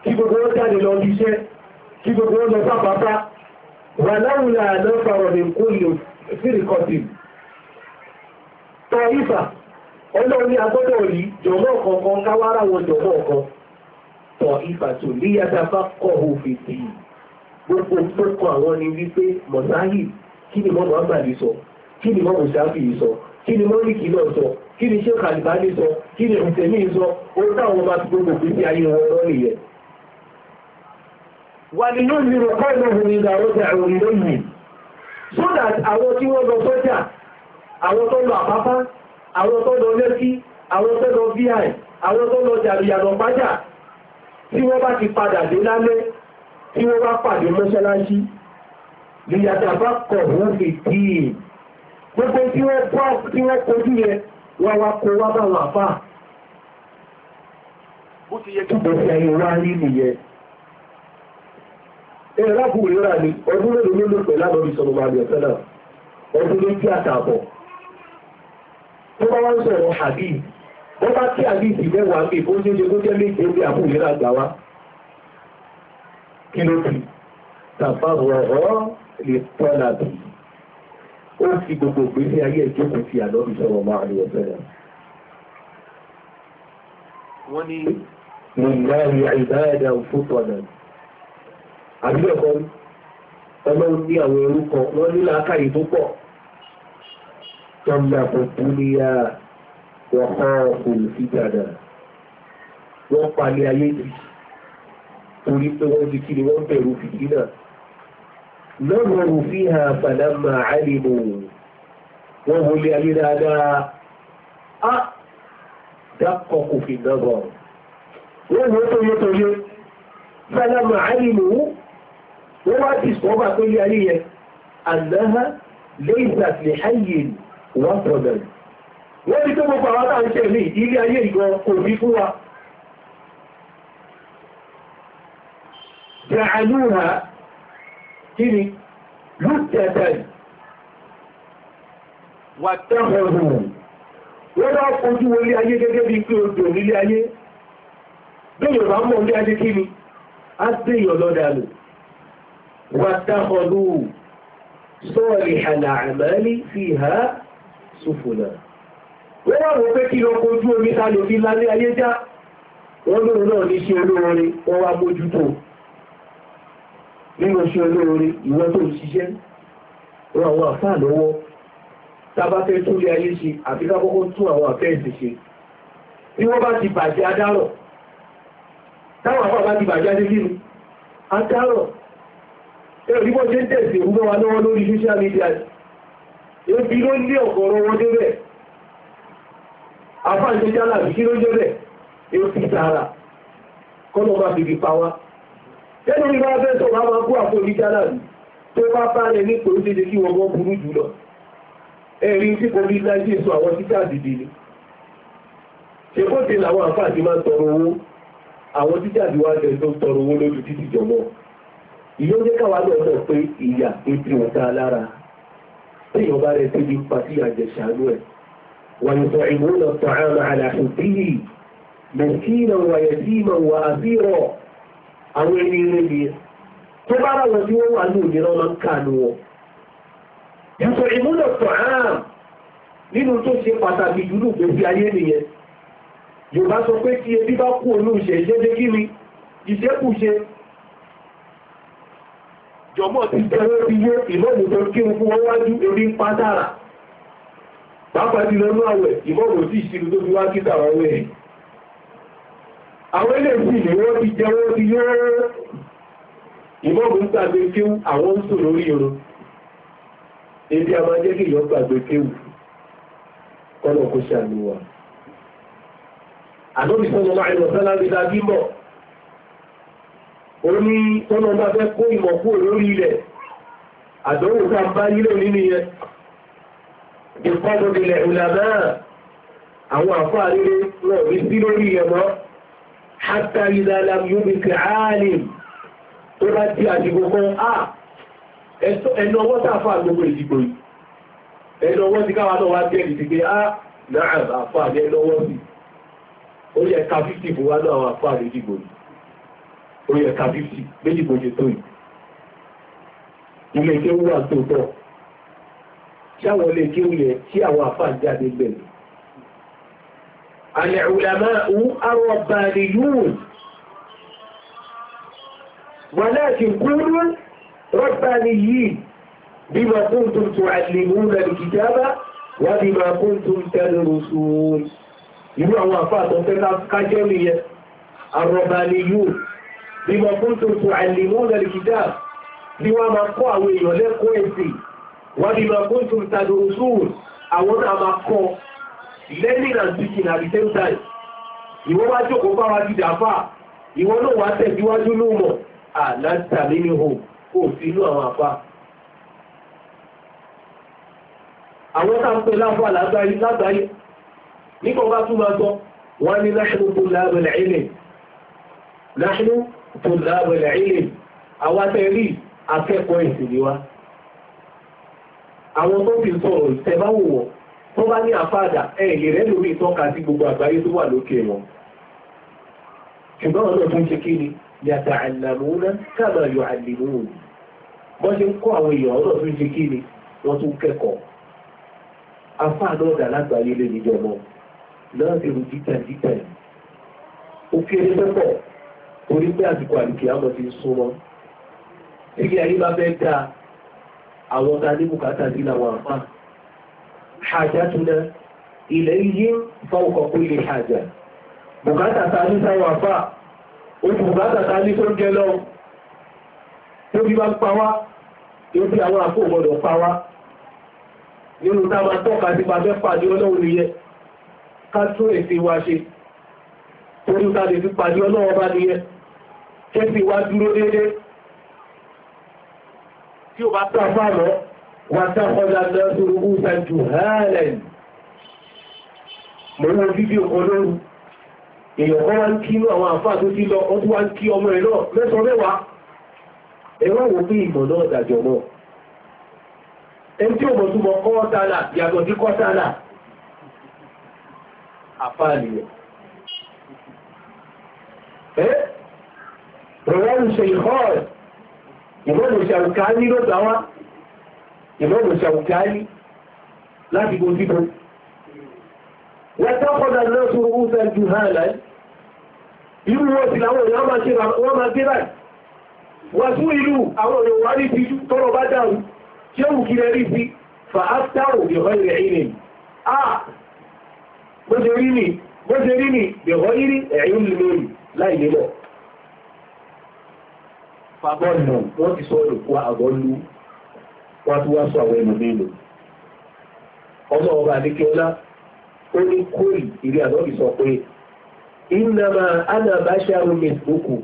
kí gbogbo ó jáde lọ iṣẹ́ kí gbogbo ó lọ pápápá wà láwùlà lọ́fà ọ̀rẹ̀ kó lò sírìkọtì tọ́ ìfà ọlọ́ni agbọ́dọ̀ rí jọmọ́ kọ̀ọ̀kan káwárà wọn jọmọ́ kan tọ́ ìfà tó líyàtà bá kọ̀ òfin tì í gbogbo tó kọ àwọn ni wípé mọ̀sáhì kí ni mọ́mọ́ àbàlì sọ kí ni mọ́mọ́ sáfì sọ kí ni mọ́lìkì náà sọ kí ni ṣé kàlìbálì sọ kí ni ìtẹ̀mí sọ ó táwọn máa fi gbogbo fi sí ayé wọn lọ́rì yẹn. wà ní yóò ní rọ̀ káìlọ̀ òun ìgbà ọjà òun lóyìn so that àwọn tí wọ́n lọ sọ́jà àwọn tó lọ àpápá àwọn tó lọ lẹ́kí àwọn tó lọ vi àwọn tó lọ jàdùyàdọ̀ pájà tí wọ́n bá ti padà dé lálẹ́ tí wọ́n bá pàdé mọ́ṣáláṣí lè yàtàbá kọ̀ wọ́n fi dìí gbogbo tí wọ́n bọ́ tí wọ́n kojú yẹ wọ́n wá kó wá bá wà fà bó ti yẹ kí bẹ̀rẹ̀ ẹ̀yìn wá rí nìyẹn ẹ̀rọ lápò ìrora ni ọdún mélòó ló lò pẹ̀lú àbọ̀bí sọ̀rọ̀ màbí ọ̀sẹ̀ náà ọdún ló kí àtàbọ̀ tó bá wá ń sọ̀rọ̀ hadith wọ́n bá kí hadith mẹ́wàá bíi bó ṣe ṣe jẹ́ méje bí àbò ìrora kí ló fi tàbá rọ̀ lè tọ́lá bíi ó fi gbogbo ìgbélé ayé ìjókòó ti àlọ́bí sọ̀rọ̀ máa ní ọ̀fẹ́lẹ̀. wọ́n ní lèláàrí àìbáyàdà òfótọ̀nà àbíọ̀kọ́ ọlọ́run ní àwọn orúkọ wọ́n ní làákàyè tó pọ̀ tọ́lá kò kú ní ya wọ́kọ́ olùfíjàdà wọ́n palẹ̀ ayé jù torí pé wọ́n ti kí ni wọ́n bẹ̀rù fìdí náà نظروا فيها فلما علموا وهم لأمين هذا آه، دققوا في النظر وهو يطوي فلما علموا وما تسمع كل آلية أنها ليست لحي وطنا wọ́n ti عن gbogbo àwọn tàà ń ṣe ní kí ni lùtẹ̀tẹ̀ wà tẹ́hùrù wọ́n bá kojú wọlé ayé gẹ́gẹ́ bí pé odò nílé ayé bẹ́yẹ̀ bá mọ̀ ní ayé kí ni a dé ìyọ̀lọ́dàlù wà tẹ́hùrù sọ́ọ̀lì àlàmẹ́lì fi ha sùfùnà wọ́n wọ́n pé wọ́n nínú iṣẹ́ olóore ìwọ tó ń ṣiṣẹ́ ran àwọn àfáà lọ́wọ́ tábá fẹ́ tó lé ayé ṣe àti kákọ́kọ́ tún àwọn àfẹ́ẹ̀sì ṣe bí wọ́n bá ti bàjẹ́ adárọ̀ táwọn àfáà bá ti bàjẹ́ adé kíni adárọ̀ ẹ̀rọ bí wọ́n ṣe ń tẹ̀sí òwúrọ̀ wa lọ́wọ́ lórí social media ebi ló ní ọ̀gọ̀rọ̀ wọn débẹ̀ àfáà ṣe jálà bí kí ló jẹ́ bẹ̀ ebi tààrà kọ́nà bá fi fi pa wá Tẹ́lú ìgbà bẹ́ẹ̀ tó máa máa kú àpò ìjálà rí tó bá bá lẹ ní pẹ̀lú dédé kí wọ́n burú jùlọ. Ẹ̀rí tí kò ní láìsí èso àwọn títà dìde ni. Ṣé kó ti làwọn àǹfààní máa tọrọ owó? Àwọn títà dì wá jẹ tó tọrọ owó lójú títì jọmọ. Ìyó jẹ́ káwa náà mọ̀ pé ìyà ètò ọ̀tá lára. Téèyàn bá rẹ̀ tó ní pa sí àjẹsàánú ẹ̀. Wà ìfọ̀ ìmúlọ̀ tọ̀ àwọn ẹni rẹ̀ nìyẹn tó bá rà wọn tí wọ́n wà ní òmìnira máa ń kàánú wọn tọ̀hán nínú tó ṣe pàtàkì jùlọ gbèsè ayé nìyẹn Yorùbá sọ pé tí ebi bá kú olú ìṣẹ́ ìṣẹ́jẹ́ ìṣẹ́kùṣe jọmọ́ ti tẹ́rẹ́ ti yé ìmọ́mù tó kí fún wọ́n wájú orí ń pátára pàápàá jùlọ àwẹ̀ ìmọ́mù tí àwọn ilé sí ilé wọ́n ti jẹ wọ́n ti yẹ́ ìmọ́bùn gbàgbé kéwù àwọn ń ebi a máa jẹ́ kí ìyọ́ gbàgbé kéwù kọ́nà kó ṣàlùwà àdóbi sọ́nà máa ìmọ̀ sọ́nà lè dá bímọ̀ ó ní fẹ́ kó ìmọ̀ kúrò lórí ilẹ̀ àdánwò tá bá nílò nínú yẹn ìfọ́nà ilẹ̀ ìlànà àwọn wọn hátà ìdàlà yóò fi ààlè tó bá di àdìgbò kan á ah, ẹnu ọwọ́ tààfà gbogbo ìdìgbò yìí ẹnu ọwọ́ ti káwà náà wá jẹ́ ìdìgbé á ah, náà àfà ní ẹnu ọwọ́ sí ó yẹ ká 50 fún wa náà àwọn àfà ní ìdìgbò yìí ó yẹ ká 50 méjì bó tó yìí ilé ìkéwú wà tó tọ́ العلماء الربانيون ولكن كونوا ربانيين بما كنتم تعلمون الكتاب وبما كنتم تدرسون يبقى وفاة كجميع الربانيون بما كنتم تعلمون الكتاب بما قوى ويولي قوى وبما كنتم تدرسون أولا ما learning and teaching at the same time ìwọ wá jókòó bá wa di dàfà ìwọ náà wá tẹ̀síwájú ní mọ̀ àlàtàlẹ́ ní hò kò sí inú àwọn àfà àwọn tá ń pè láfà lágbáyé lágbáyé nípa bá tún máa sọ wọ́n ní nahnu tullabul ilm nahnu tullabul ilm àwọn atẹ́rí akẹ́kọ̀ọ́ ìsìn ni wa àwọn tó fi sọ̀rọ̀ ìtẹ́báwò wọ̀ tó bá ní àfáàdà ẹ̀yìn rẹ̀ lórí ìtọ́ka sí gbogbo àgbáyé tó wà lókè wọn ṣùgbọ́n ọ̀nà tó ń ṣe kí ni yàtà àlàmúná káàmà yọ àlìmúhùn wọ́n ṣe ń kọ́ àwọn èèyàn ọ̀nà tó ṣe kí ni wọ́n tún kẹ́kọ̀ọ́ àfáàdà ọ̀dà lágbàáyé lè níjọ mọ́ náà ti rú jíta jíta yìí ó kéré pẹ́pọ̀ torí pé àsìkò àlùkì àmọ́ ti ń súnmọ́ ilé ayé bá fẹ́ dáa àwọn ta ní bùkátà sí làwọn àfáà hajjátúná ilẹ̀ yí fọ́ọ̀kọ̀ kulli hajjá bùkátà ta ní sáwọn àfà oṣù bùkátà ta ní tó ń jẹ lọ tó bí bá ń pawá tó bí àwọn àfò gbọdọ̀ pawá nínú tá a máa tọ́ka sí pàfẹ́ pàdé ọlọ́run nìyẹn ká tún èsì wa ṣe torí lè fi pàdé ọlọ́run bá nìyẹn kẹ́sì wa dúró déédéé tí ó bá tó àfà lọ́ọ́ واتخذ الناس رؤوسا جهالا mọ̀lá fídíò kan lórí èèyàn kan wá ń kí inú àwọn àfáà tó ti lọ ọdún wá ń kí ọmọ ẹ̀ náà mẹ́sàn-án mẹ́wàá ẹ̀rọ wò pé ìmọ̀ náà dàjọ̀ náà ẹni tí òmò túnmọ̀ ìmọ̀mù ṣàwùkárí láti bó síbò wọ́n tọ́kọ̀dà náà tó ó fẹ́ ju hàn láì irú wọ́n sì láwọn èèyàn wọ́n máa gé báyìí wọ́n tún ìlú àwọn èèyàn wá rí ti tọ́rọ bá dáhùn tí ó wù kí rí sí fa áftáwò bẹ̀họ́ ìrẹ̀ ìrìn wọ́n ti sọ̀rọ̀ fún àgọ́lú wọ́n tún wá sọ àwọn ẹlòmíì lò ọmọ ọba adékẹ́ọ́lá ó ní kórì ìrí àdọ́bì sọ pé ìnàmà anábàṣà omi ìsìnkú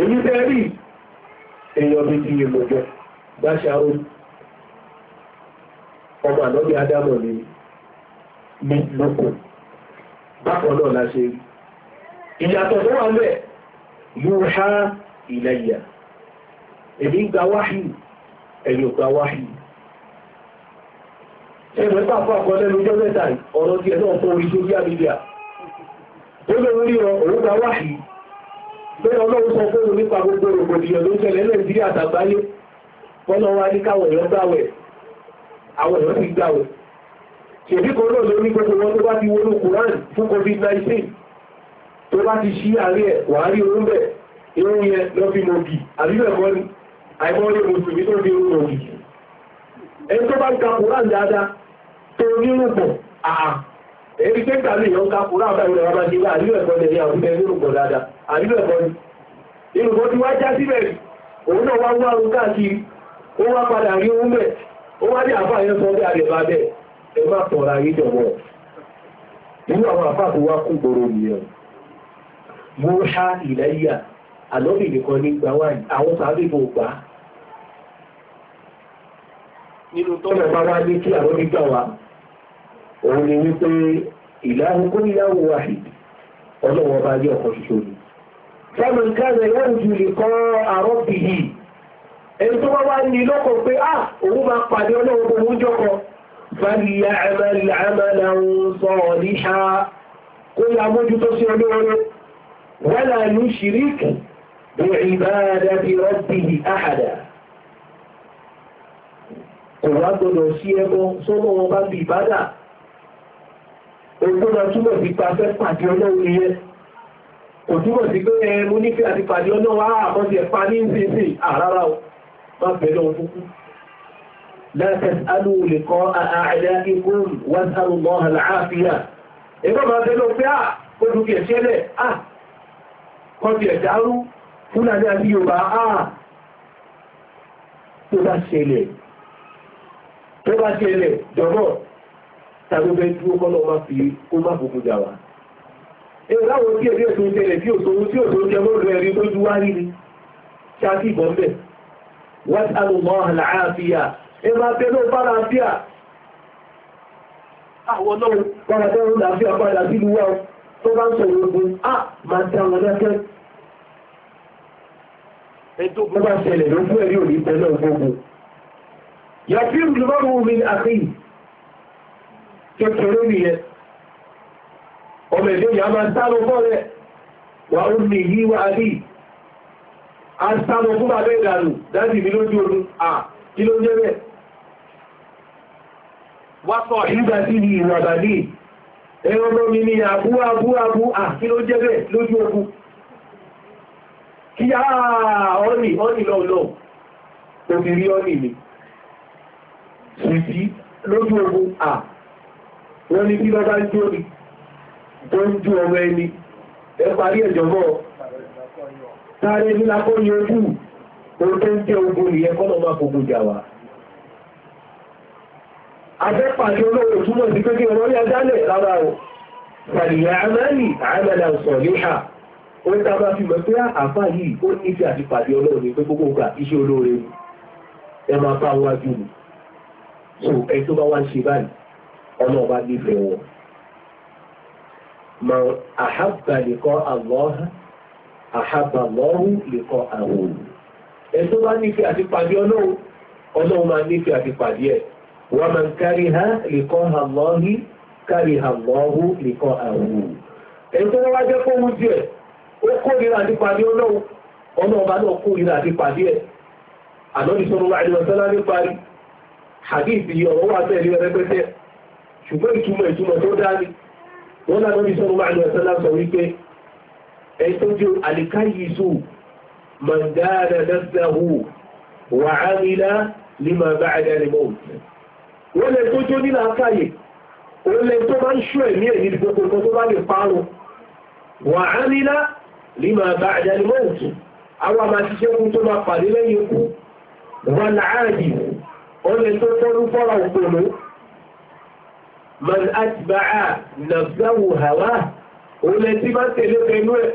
èyí fẹ́ rí èèyàn bíi ti èèmọ̀ jẹ báṣà omi ọmọ ànábì ádámọ̀ ni ní lóko bákan náà la ṣe rí ìyàtọ̀ tó wà mẹ́ yóò há ìlẹ̀yà èmi ẹ̀yìn ògbà wáyìí ẹgbẹ́ pàpá àkọọ́lẹ́nu jẹ́ mẹ́ta ọ̀rọ̀ ti ẹ̀nà ọ̀pọ̀ orí sórí àmìlíà ó lè rí ọ̀rọ̀ gba wáyìí pé ọlọ́run sọ fún òun nípa gbogbo rògbòdìyàn ló ń ṣẹlẹ̀ nàìjíríà àtàgbáyé bọ́lá wa ní káwọn èèyàn gbàwẹ̀ àwọn èèyàn ti gbàwẹ̀ ṣèbí kan náà ló ní gbogbo wọn tó bá ti wọnú Quran fún COVID-19 àìmọ́rí mùsùlùmí tó ní orúkọ òjì ẹni tó bá ń ka kùrán dáadáa tó ní orúkọ àà èyí pé kàlù ìyọ́n ka kùrán àbáyọ̀ ọba ti wá àrílò ẹ̀kọ́ lẹ́yìn àwọn ilẹ̀ orúkọ dáadáa àrílò ẹ̀kọ́ ni irúkọ ti wá já síbẹ̀ òun náà wá wá ohun káàkiri ó wá padà rí ohun bẹ̀ ó wá ní àfáà yẹn sọ bí alẹ́ bá bẹ̀ ẹ má tọ̀ra àlọ́bì nìkan ní gba wáyé àwọn sàábì kò gbà nínú tọ́lọ̀ bá wá ní kí àlọ́bì gbà wá òun ni wípé ìlànà kó níyàwó wáyé ọlọ́wọ́ bá ní ọkọ̀ ṣoṣo ni fẹ́mọ̀n káàrẹ̀ ní lọ́kọ̀ ah, kó yà mójútó sí ọlọ́wọ́ wọ́n là ṣìríkì بعبادة ربه أحدا kò wá gbọdọ̀ sí ẹbọ sọ́nà wọn bá bí ìbádà ògbóná túbọ̀ sí pa fẹ́ pàdé ọlọ́run yẹn kò túbọ̀ sí pé ẹ mú nífẹ́ àti pàdé ọlọ́run á àkọsí ẹ̀pá ní ìsinsìn àrárá ah, o má bẹ̀rẹ̀ ohun fúnkú látẹ̀s alóòlè kọ́ fúlàní àti yorùbá áà ah, tó bá ṣẹlẹ̀ tó bá ṣẹlẹ̀ jọ̀bọ̀ tàbí bẹ tí ó kọ́lọ́ máa fi kó má fòkun jà wá èrò láwọn tí èdè ètò ìṣẹ̀lẹ̀ tí òṣòro tí òṣòro jẹ mọ́rùn ẹ̀rí tó ju wárí ni ṣáàtì ìbọn bẹ̀ wọ́n ti àlùmọ́ àlàáfíà ẹ máa bẹ náà bá àlàáfíà àwọn ọlọ́run padà bẹ́rún àlàáfíà padà sílùú wa tó bá ń sọ̀rọ̀ ogun á tó bá ṣẹlẹ̀ ló fún ẹ̀rí òní tẹ́lẹ̀ gbogbo yàfíìrù lọ́rùn omi àkíyì kékeré nìyẹn ọmọ èdè yà máa sálọ fọ́ rẹ̀ wà ó ní yí wá rí a sálọ fún bàbá ìdànù dájì mi lójú omi à kí ló jẹ́ bẹ́ẹ̀ wá sọ ìgbà sí ni ìwà bàbí ẹ̀rọ mi ni àbú àbú àbú à kí ló jẹ́ kí á ọ́nì ọ́nì lọ́ọ̀lọ́ obìnrin ọ́nì ni ṣìtí lójú ogun à wọ́n ní kí lọ bá ń jó ní tó ń jó ọmọ ẹni ẹ parí ẹ̀jọ̀mọ́ sáré ní lákọ́yí ojú ohun tó ń jẹ́ ogun nìyẹn kọ́nà máa fogun jà wá afẹ́pàdé olóòrò túnmọ̀ sí pé kí ọmọ ní ajálẹ̀ lára ọ̀ sàlìyà àmàlì àmàlà sọ̀ríhà orí tá a bá fi mọ̀ pé àfá yìí ó ní fi àti pàdé ọlọ́run ní pé gbogbo gbà iṣẹ́ olóore ni ẹ máa bá wá jù mí so ẹ tó bá wá ń ṣe báyìí ọlọ́run bá nífẹ̀ẹ́ wọn. mà àhábà nìkan àlọ́hà àhábà lọ́rù nìkan àwọn ẹ tó bá nífẹ̀ẹ́ àti pàdé ọlọ́run ọlọ́run máa nífẹ̀ẹ́ àti pàdé ẹ̀ wọ́n máa ń kárí ha nìkan àlọ́hì kárí àlọ́hù nìkan àwọn ẹ̀ńtọ́ wá jẹ́ fóun díẹ̀ ó kórìíra nípàdé ọlọ́run ọlọ́ọ̀bá náà kórìíra nípàdé ẹ̀ ànọ́bì sallallahu alaihi wasallam níparí hadith yìí ọ̀rọ̀ wà tẹ̀lé rẹpẹtẹ ṣùgbọ́n ìtumọ̀ ìtumọ̀ tó dání wọ́n náà lọ́bí sallallahu alaihi wasallam sọ wípé ẹni tó lima ba'da al-mawt àwọn àmà ṣiṣẹ́ kú tó máa pàdé lẹ́yìn ikú wà láàájì ọlẹ́ tó tọ́rú fọ́ra òpòlò man atba'a nafsahu hawa ọlẹ́ tí máa tẹ̀lé pẹ̀lú ẹ̀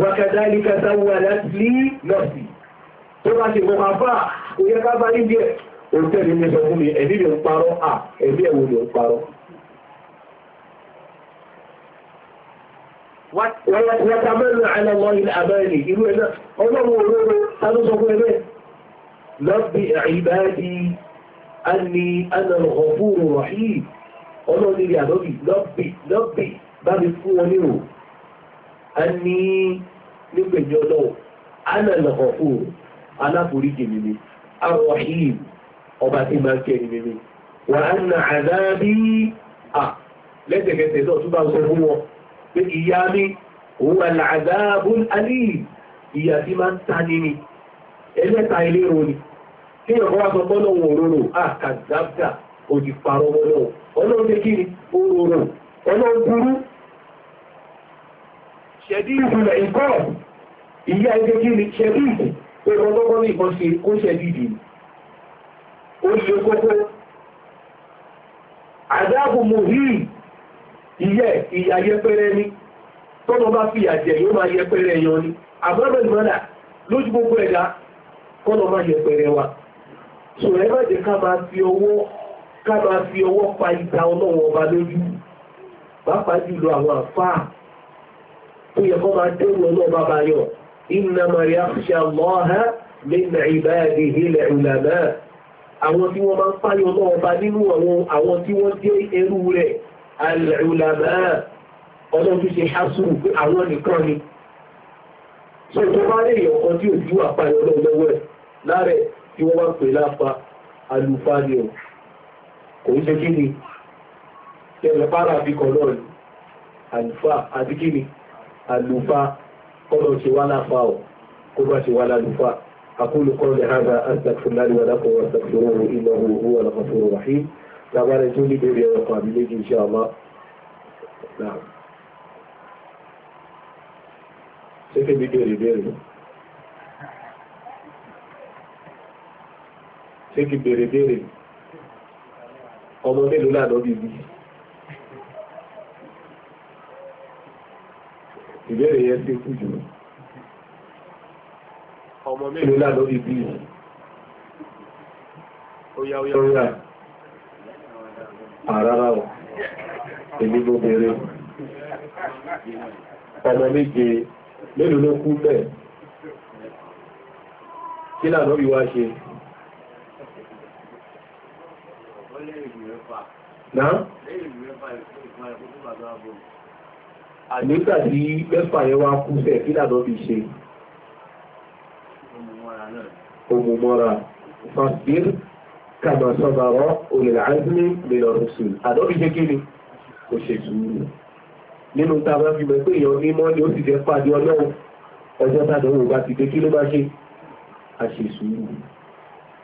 wa kadhalika sawwalat li nafsi tó bá ṣe mọ́ àfá òyẹ́ká bá ní díẹ̀ òtẹ́lẹ̀ mi sọ fún mi ẹ̀mí mi ń parọ́ wàtàmẹ́lú àlọ́wọ́ ilẹ̀ àmẹ́lì irú ẹ̀nà ọlọ́run olóró alóṣọ́gbọ́ ẹgbẹ́ lọ́bí ìbáàdì anni anàlọ́fúrò rọ̀hí ọlọ́run ilẹ̀ àdọ́bì lọ́bí lọ́bí bá mi fún wọn níhò anni nígbèjì ọlọ́wọ́ anàlọ́fúrò aláforíjì mímí arọ̀hí ọba tí máa ń kẹ́ ni mímí wà á nà àdábí à lẹ́sẹ̀kẹsẹ̀ náà bá sọ fún wọn pé ìyá mi òun àlàádáàbùn alìyí ìyà tí máa ń ta ní ni ẹlẹ́ta ilérò ni kí ọkọ̀ wá sọ pọ́nà òun òróró àkàdáàbdà òdì parọ́ ọlọ́run ọlọ́run tẹ́ kí ni òróró ìyẹ́ ìyà yẹpẹrẹ ní tọ́nà bá fi àjẹ́ yóò máa yẹpẹrẹ yan ni àbábẹ̀ mọ́dà lójú gbogbo ẹ̀dá kọ́nà máa yẹpẹrẹ wa sọ̀rọ̀ ẹ má jẹ́ ká máa fi ọwọ́ ká máa fi ọwọ́ pa ìta ọlọ́wọ́ ọba lójú pàápàá jùlọ àwọn àfáà tó yẹ kó máa dẹ́rù ọlọ́ọ̀bá bá yọ innama yakhsha Allaha min ibadihi al-ulama àwọn tí wọ́n máa ń pààyàn ọlọ́ọ̀bá nínú àwọn tí wọ́n jẹ́ ẹrú rẹ̀ al-ulama ọdún tó ṣe ṣásù àwọn nìkan ni tó tó bá lè yàn kan tí òjú àpáyọ lọ́wọ́ ẹ̀ láàrẹ̀ tí wọ́n wá pè lápa àlùfáà ni ọ̀ kò ń ṣe kí ni tẹ̀lẹ̀ fara bí kan náà ni àlùfáà kí ni àlùfáà kọ́lọ̀ ṣe wá láfa ọ̀ kó bá ṣe wá lálùfáà lábára tó ní bèèrè ọkọ̀ àbí méjì iṣẹ́ ọmọ náà ṣé kí mi bèèrè bèèrè ṣé kí bèèrè bèèrè ọmọ mélòó lànà bíbí ìbéèrè yẹn ti kú jù ọmọ mélòó lànà bíbí ó yá ó yá ó yá àrárá ah, ọ̀ èmi ló bèèrè ọmọ méje mélòó ló kú bẹ́ẹ̀ kí lànà bí wá ṣe náà ànígbà tí mẹ́fà yẹn wá kú sẹ̀ kí lànà bí ṣe òmùmọ́ra fàṣírí kàmà sọ́bàrọ́ olùlàázmí lèlọ rùsùn àdọ́bí jẹ́ kí ni kò ṣe sùúrù nínú tá a bá fi mọ̀ pé èèyàn ní mọ́ ni ó sì jẹ́ pàdé ọlọ́run ọjọ́ tàdánwò bá ti dé kí ló bá ṣe àṣe sùúrù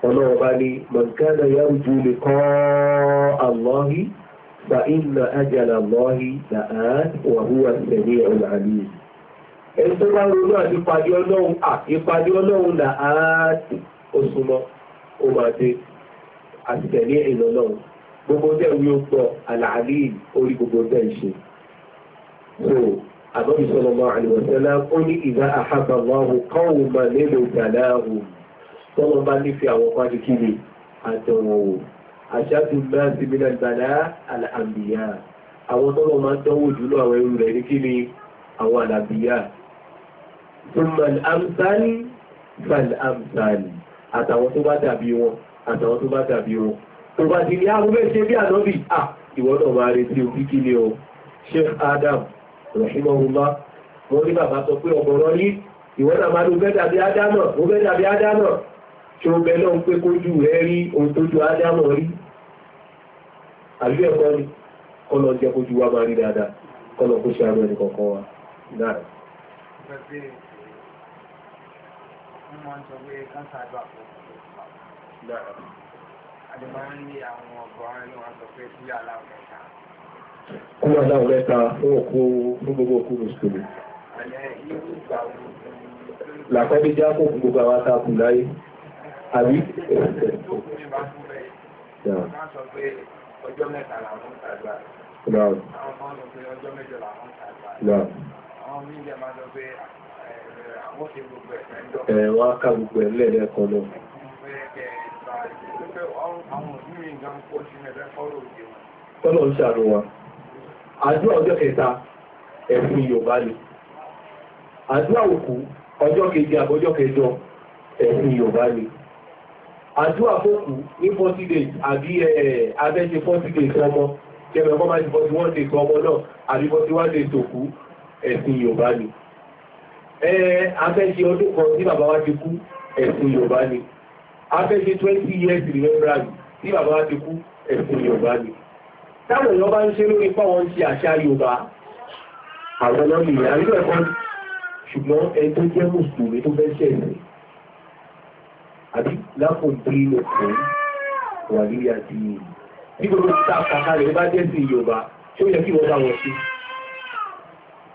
ọlọ́run bá ní mọ̀nkánà yàrùjú lè kọ́ àlọ́hí fa inna ajala àlọ́hí làán wàhúwà sẹ̀mí ọ̀làní ẹni tó bá ronú àti ìpàdé ọlọ́run à ìpàdé ọlọ́run làán ó ó máa dé àti tẹ̀lé ìlọ́lọ́run gbogbo tẹ́ wí ó gbọ́ àlàálí orí gbogbo tẹ́ ìṣe. so àbọ̀bí sọ̀rọ̀ mọ́ àlùwọ̀sẹ́lá ó ní ìdá àhábà wọn káwọn máa lélò gbàdá òun tọ́wọ́ bá nífẹ̀ẹ́ àwọn kan ní kíni àtọ̀wọ̀ wò àṣàtú náà ti mílẹ̀ gbàdá àlàmbìyà àwọn tọ́wọ́ máa ń dánwò jùlọ àwọn ẹrú rẹ̀ ní kíni àwọn àlàmbìyà. tó mọ̀ àmsáni fàlàmsáni àtàwọn tó bá dàbí wọn àtàwọn tó bá dàbí wọn tó bá ti ní àwọ́bẹ̀ ah, ṣe bí ànábì à ah, ìwọ́nà máa retí òbí kí ni o Sheikh Adam rahimahullah wọ́n ní bàbá sọ pé ọ̀gọ̀rọ̀ yìí ìwọ́nà máa ló bẹ́ dàbí ádámọ̀ ó bẹ́ dàbí ádámọ̀ tí ó bẹ náà ń pé kójú rẹ rí ohun tó ju ádámọ̀ rí àbí ẹ̀kọ́ ni kọ́nà jẹ́ kójú wa máa rí dáadáa kọ́nà kó ṣe àmọ́ ẹnìkọ̀ọ̀kan wa náà Àdìmọ́ ní àwọn ọ̀gbọ̀n inú wọn sọ pé sí aláwọ̀ mẹ́ta. Kúrò aláwọ̀ mẹ́ta fún òkú fún gbogbo òkú Mùsùlùmí. Làkọ́bí já kó fún gbogbo àwọn atakùn láyé. Àbí? Ọjọ́ mẹ́ta làwọn ń tàgbà. Àwọn ọmọ ọmọ pé ọjọ́ mẹ́jọ làwọn ń tàgbà. Àwọn mí jẹ máa sọ pé àwọn pé àwọn òbí ìgbà ń pọ̀ sí ẹ̀fẹ́ fọ́rọ̀ òjò wọn. Tọ́lọ̀ ń ṣàánú wa. Àdúrà ọjọ́ kẹta ẹ̀fún Yorùbá ni. Àdúrà òkú ọjọ́ keje àbọ́jọ́ kẹjọ ẹ̀fún Yorùbá ni. Àdúrà fókù ní 40 days àbí abẹ́ṣe 40 days ọmọ jẹ́bẹ̀ ọmọ máa ti 41 days ọmọ náà àbí 41 days òkú ẹ̀fún Yorùbá ni. Abẹ́ṣe ọdún kan tí bàbá wa ti kú ẹ̀fún Yorùbá ni afẹ́ṣe 20 years remembrance tí bàbá ti kú ẹ̀sìn Yorùbá ni táwọn èèyàn bá ń ṣe lórí pọ́ wọn ṣe àṣà Yorùbá àwọn ọmọ mi ìyá nínú ẹ̀kọ́ ṣùgbọ́n ẹni tó jẹ́ mùsùlùmí tó fẹ́ ṣẹ̀ṣẹ̀ àbí lápò bí òkun wà ní àti bí gbogbo ta kàkà rẹ̀ bá jẹ́ sí Yorùbá tí ó yẹ kí wọ́n bá wọn ṣe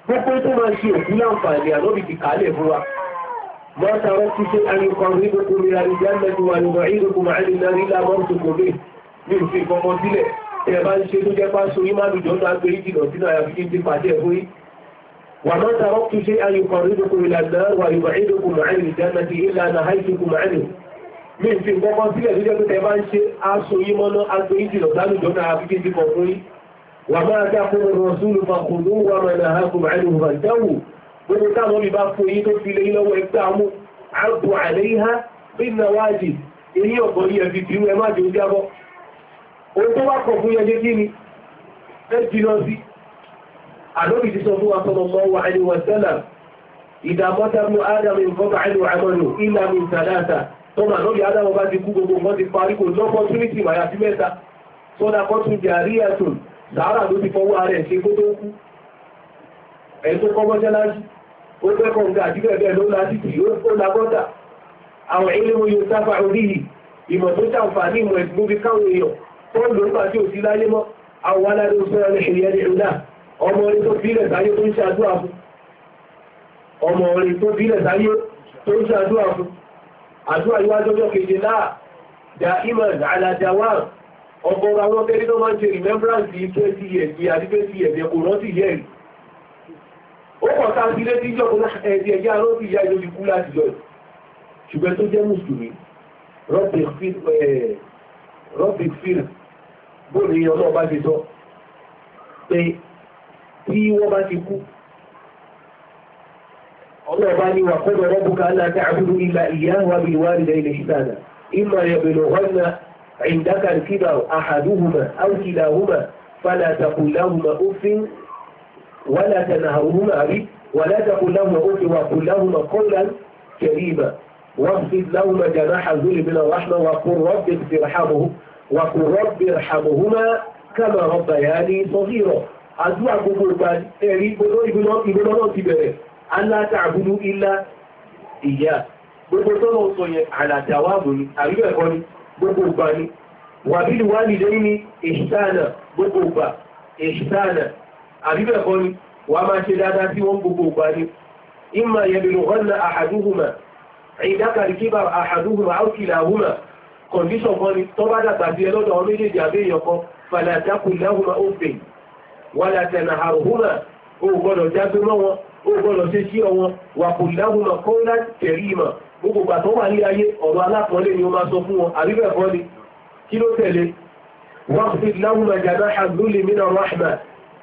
gbogbo tó máa ṣe òkú láǹfààní àlọ́bì ti kàálẹ̀ fún wa ما تركت شيئا يقربكم الى الجنه ويبعدكم عن النار الا مرتكم به mi ò fi ìfọmọ sílẹ̀ ẹ bá ń ṣe tó jẹ́ pàṣẹ orí máa lùjọ́ náà pé ìjìnà sínú àyàfi kí n ti pàdé ẹ̀ fún yí wà máa tààrọ́ tún ṣe ayùkọ̀ rídòkò ìlànà wà ìwà ìdòkò màálì ìdáná ti ìlànà àìsìnkò màálì náà àfi kí n gbogbo táwọn olùbá fún èyí tó fi lè lọ́wọ́ ẹgbẹ́ àmú àbò àléhá nínú wáàdì èyí ọ̀gbọ̀n ní ẹ̀fì tí ẹ má jẹ́ ojú abọ́ ohun tó wá kọ̀ fún yẹn kí ni ẹ jí lọ sí àdóbi ti sọ fún wa sọ́nà mọ́ wa ẹni wà sẹ́là ìdàmọ́ta mú ádámù nǹkan bá ẹni àmọ́nù ìlà tọ́mà lórí ádámù bá ti kú gbogbo nǹkan ti parí kò lọ́pọ̀ túnítì màyà sí mẹ́ta sọ́dà kọ́tún jẹ́ àríyàtùn sàárà ló ti fọwọ́ ara ẹ̀ ṣe kó tó kú ẹ̀ tó kọ́ mọ́ṣáláṣí ó gbẹ́kọ̀ọ́ nǹkan àti bẹ́ẹ̀ bẹ́ẹ̀ ló lásìkò yóò kó labọ́dà àwọn ilé-ìwé yóò sáfà orí yìí ìmọ̀ tó ṣàǹfààní ìmọ̀ ẹ̀gbọ́n fi káwọn èèyàn tó ń lò pàtí òsí láyé mọ́ àwọn aládé òṣèré ní ìrìn ẹni ìrìnà ọmọ orí tó bílẹ̀ sáyé tó ń ṣàdúrà fún ọmọ orí tó bílẹ̀ sáyé tó ń ṣàdúrà fún àdúrà ìwájọ́jọ́ keje náà da iman aladawa ọgbọ̀n àwọn kẹ́rí tó máa ń ṣe remembrance yìí 20 years àti 20 years ẹ̀kọ́ rántí yẹ́rì ó kọ̀ tá a ti lé tíjọ́ kó ẹ̀dí ẹ̀yà arọ́bí ìyá ìlú ikú láti lọ ṣùgbọ́n tó jẹ́ mùsùlùmí rọ́bì fíl bóòlù yẹn ọlọ́ọ̀bá ti sọ pé tí wọ́n bá ti kú ọlọ́ọ̀bá ni wà kọ́dọ̀ rọ́bùkà aláta àbúrú ilà ìyá wa bí wà nílẹ̀ ilẹ̀ ìsànà ìmọ̀ ẹ̀bẹ̀rẹ̀ ọ̀nà عندك الكبر أحدهما أو كلاهما فلا تقل لهما أف ولا تنهرهما به ولا تقل لهما أف وقل لهما قولا كريما واخفض لهما جناح الذل من الرحمة وقل رب اغفر ارحمه وقل رب ارحمهما كما ربياني صغيرا àdúrà gbogbo ìgbà ẹ̀rí ìgbóná náà ti bẹ̀rẹ̀ alátàbùdú ilá ìyá gbogbo tọ́lọ sọ yẹn àlàtàwàbù ni àríwẹ̀ ẹ̀kọ́ ni gbogbo ìgbà ni wàbílì wà nílé ní ìṣtánà gbogbo ìgbà ìṣtánà àbíbẹ̀ kọ́ ni wà máa ṣe dáadáa sí wọn gbogbo ìgbà ni ìmà yẹbìrì hàn na àhàdúhùmà ìdákàrí kíbà àhàdúhùmà áùkìlàhùmà kọ̀ndíṣọ̀n kan ni tó bá dàgbà sí ẹlọ́dọ̀ ọmọ méjèèjì àbẹ́yàn kan fàlàjákùnláhùmà ó fè wàlà tẹ̀nàhàrùhùmà ó gbọ́dọ̀ jágbé mọ́ wọn ó gbọ́dọ̀ ṣe sí ọwọn wàkùnláhùmà kọ́ńlá tẹ̀ríìmà gbogbo àtọ́ wà wọ́n fi láhùmà jàdá àdúlé mìíràn rahma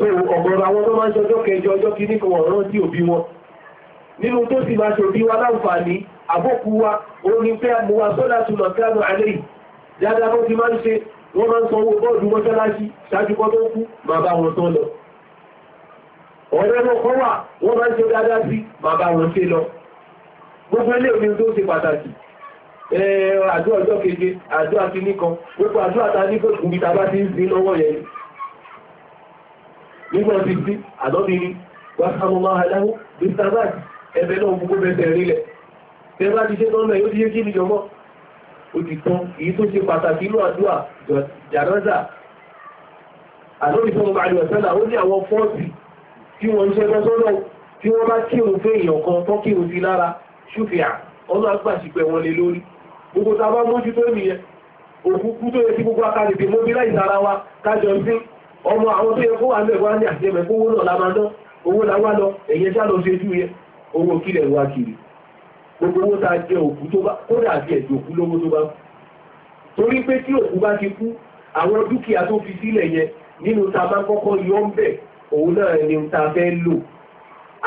so ọ̀gọ̀rọ̀ àwọn tó máa ń ṣọjọ́ kẹjọ ọjọ́ kìíní kan wọ̀n rántí òbí wọn nínú tó sì máa ṣòbí wa láǹfààní àbókù wa ó ní pé mo wa sọ́dà túnmọ̀ kánú àlẹ́ yìí dáadáa bó ti máa ń ṣe wọ́n máa ń san owó bọ́ọ̀dù mọ́ṣáláṣí ṣáájú kọ́ tó kú máa bá wọn tán lọ ọ̀rẹ́ wọn kọ́ wà wọ́n máa ń ṣe dáadáa sí máa bá wọn ṣe lọ gbogbo ilé omi tó ṣe pàtàkì àdúrà ọjọ́ keje àdúrà kìíní kan gbogbo àdúrà ta nígbà tí dí àdọ́bìrí wàhálàmọ́lá aláwọ̀ bí sábàtì ẹbẹ̀ náà gbogbo bẹ̀tẹ̀ rílẹ̀ tẹ́lá ti ṣe lọ́nà yóò díye kí nìjọmọ́ ó ti tán èyí tó ṣe pàtàkì inú àdúrà jàrọ́dà àdọ́bì fún ọmọ àríwá sẹ́là ó ní àwọn fọ́ọ̀tì tí wọ́n ń ṣẹ́gbẹ́ sọ́nà tí wọ́n bá kírun fún èèyàn kan tó kírun sí lára a bá mójútó nìyẹn òkú kú tó ọmọ àwọn tó yẹ kó wà ń bẹ̀rẹ̀ wá ní àjẹmẹ̀ kó owó náà la máa ná owó la wá lọ ẹ̀yẹn sá lọ sí ojú yẹn owó kílẹ̀ wá kiri gbogbo owó tá a jẹ òkú tó bá kódà àti ẹ̀jẹ̀ òkú lówó tó bá torí pé tí òkú bá ti kú àwọn dúkìá tó fi sílẹ̀ yẹn nínú ta bá kọ́kọ́ yọ ń bẹ̀ òun náà ni ta fẹ́ lò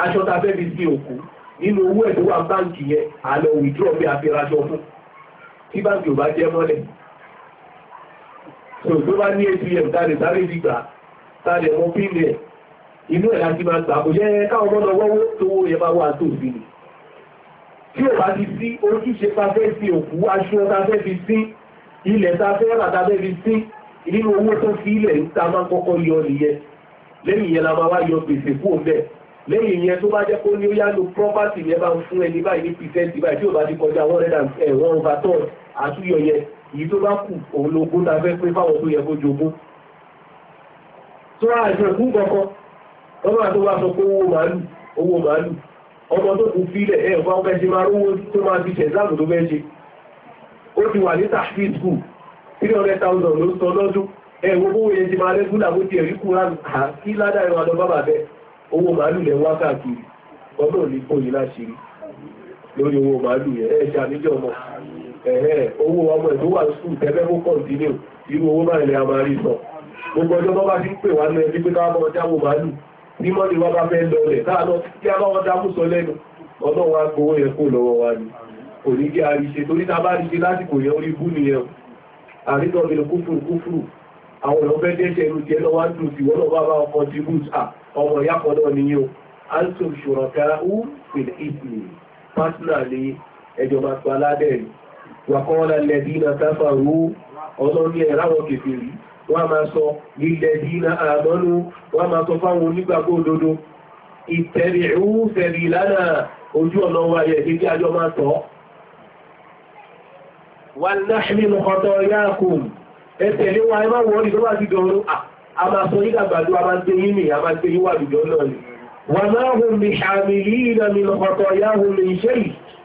aṣọ ta fẹ́ fi sí òkú nínú owó ẹ̀dọ́wà báǹkì yẹn àlọ́ wìdúrọ̀ bí a fi raṣọ fún tí báǹkì ò bá jẹ́ mọ́lẹ̀ so tó bá ní atm tàbí sáré ìdígbà tàbí ẹ̀mọ́ pínlẹ̀ inú ẹ̀ láti máa gbà kò yẹ káwọn ọmọdé ọwọ́wọ́ tó wó yẹ máa wà tó sí ni tí ò bá ti sí ojúṣe ta fẹ́ fi òkú aṣọ ta fẹ́ fi sí ilẹ̀ ta fẹ́ rà ta fẹ́ fi sí nínú owó tó fi ilẹ̀ ń ta máa kọ́kọ́ yọ nìyẹn lẹ́yìn yẹn la máa wá yọ gbèsè kú ọ̀bẹ lẹ́yìn yẹn tó bá jẹ́ kó ní ó yá lo property yẹn bá ń fún ẹni báyìí yìí tó bá kù òun lógún tàbẹ́ pé fáwọn tó yẹ kó jogún tó rà àjọ ìkún kọ̀ọ̀kan ọmọ tó bá sọ pé owó màálù owó màálù ọmọ tó kù fílẹ̀ ẹ̀ ọ̀pá ọpẹ́ owo máa rówó tó máa fi ṣẹ̀ láàbò tó fẹ́ ṣe ó ti wà ní tàfíì hundred ló sọ lọ́dún ẹ̀ ẹ̀hẹ́ owó ọmọ ìlú wà sí ìtẹ́lẹ́ ó kọ̀ǹtínú irú owó náà ilẹ̀ àmàrí sọ gbogbo ọjọ́ bọ́ bá ti ń pè wá lẹ́ẹ̀ wípé káwọn ọmọ jáwó màálù ní mọ́ni wá bá fẹ́ lọlẹ̀ káàlọ́ kí a bá wọn dámú sọ lẹ́nu ọdọ́ wa gbowó yẹ kó lọ́wọ́ wa ni kò ní kí a rí ṣe torí ta bá rí ṣe lásìkò yẹn orí bú nìyẹn àrídọ́ mi lọ kúfùrù kúfùrù àwọn ọ̀rọ̀ fẹ́ dẹ́ṣẹ̀ irú tiẹ̀ lọ́wọ́ dùn sí wọ́n bá bá contribute à ọmọ ìyá o ansom ṣòro kára ó pèlè ìsìn partner ní ẹjọba tó aládẹ́rìí wàkọ́ọ́lá lẹ́dínà káfàrú ọlọ́rí ẹ̀ráwọ̀ kèfèrí wọ́n máa sọ lílẹ̀dínà àmọ́nú wọ́n máa sọ fáwọn onígbàgbọ́ òdodo ìtẹ̀rìú fẹ̀rì lánà ojú ọ̀nà wa yẹ̀ gẹ́gẹ́ àjọ máa tọ́ wọ́n náà ṣe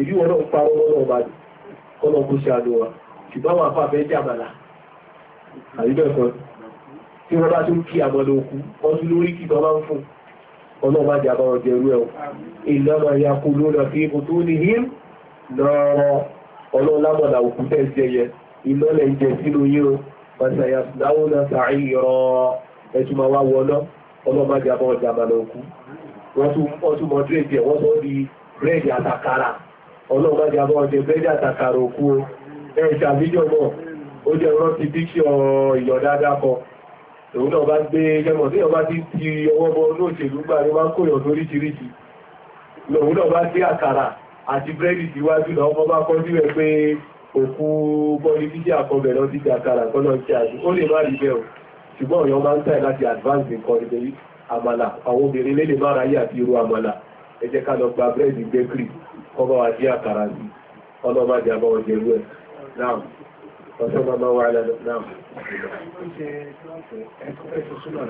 ìbí wọn náà parọ́ lọ́nà ọba jù kọ́nà kó ṣe àdúrà ṣùgbọ́n àwọn afá fẹ́ jàmàlà àyíbẹ̀kọ́ tí wọ́n bá tún kí àmọ́lẹ̀ òkú wọ́n tún lórí kí bọ́ bá ń fún ọ̀nà ọba jà bá wọn jẹrú ẹ̀ ìlànà ya kú lónà fi ipò tó ní him lọ́rọ̀ ọlọ́lámọ̀lá òkú tẹ̀ jẹyẹ ìlọ́lẹ̀ jẹ sínú yíro pàṣẹyà dáwọ́ náà sàáyí rọ ẹtù máa wá wọná ọlọ́ba jà bá wọn jàmàlà òkú wọ́n tún mọ́ dírẹ̀jẹ̀ wọ́n sọ di bírẹ̀dì àtàkárà ọlọ́gbàjàbọ̀ ọjẹ́ bẹ́jà tàkàrà òkú o ẹ̀ṣà bíjọ̀bọ̀ ó jẹ́ rántí bí ṣe ìyọ̀dáadáa kọ òun náà bá gbé jẹmọ̀ tí ọba ti ti ọwọ́ bọ olóòṣèlú gbà ní máa ń kòyàn tó ríṣiríṣi lòun náà bá sí àkàrà àti búrẹ́dì síwájú náà ọmọ bá kọjú rẹ̀ pé òkú pọlitíṣì àkọbẹ̀ lọ sí àkàrà kọ́nà ṣe àṣù kọba wa jí àkàrà ní ọlọ́mà jẹ́ àbọ̀ ọjẹ́ ìwé náà ọjọ́ bá máa wà lẹ́nu náà ẹni tó bẹ́ ṣe súnmà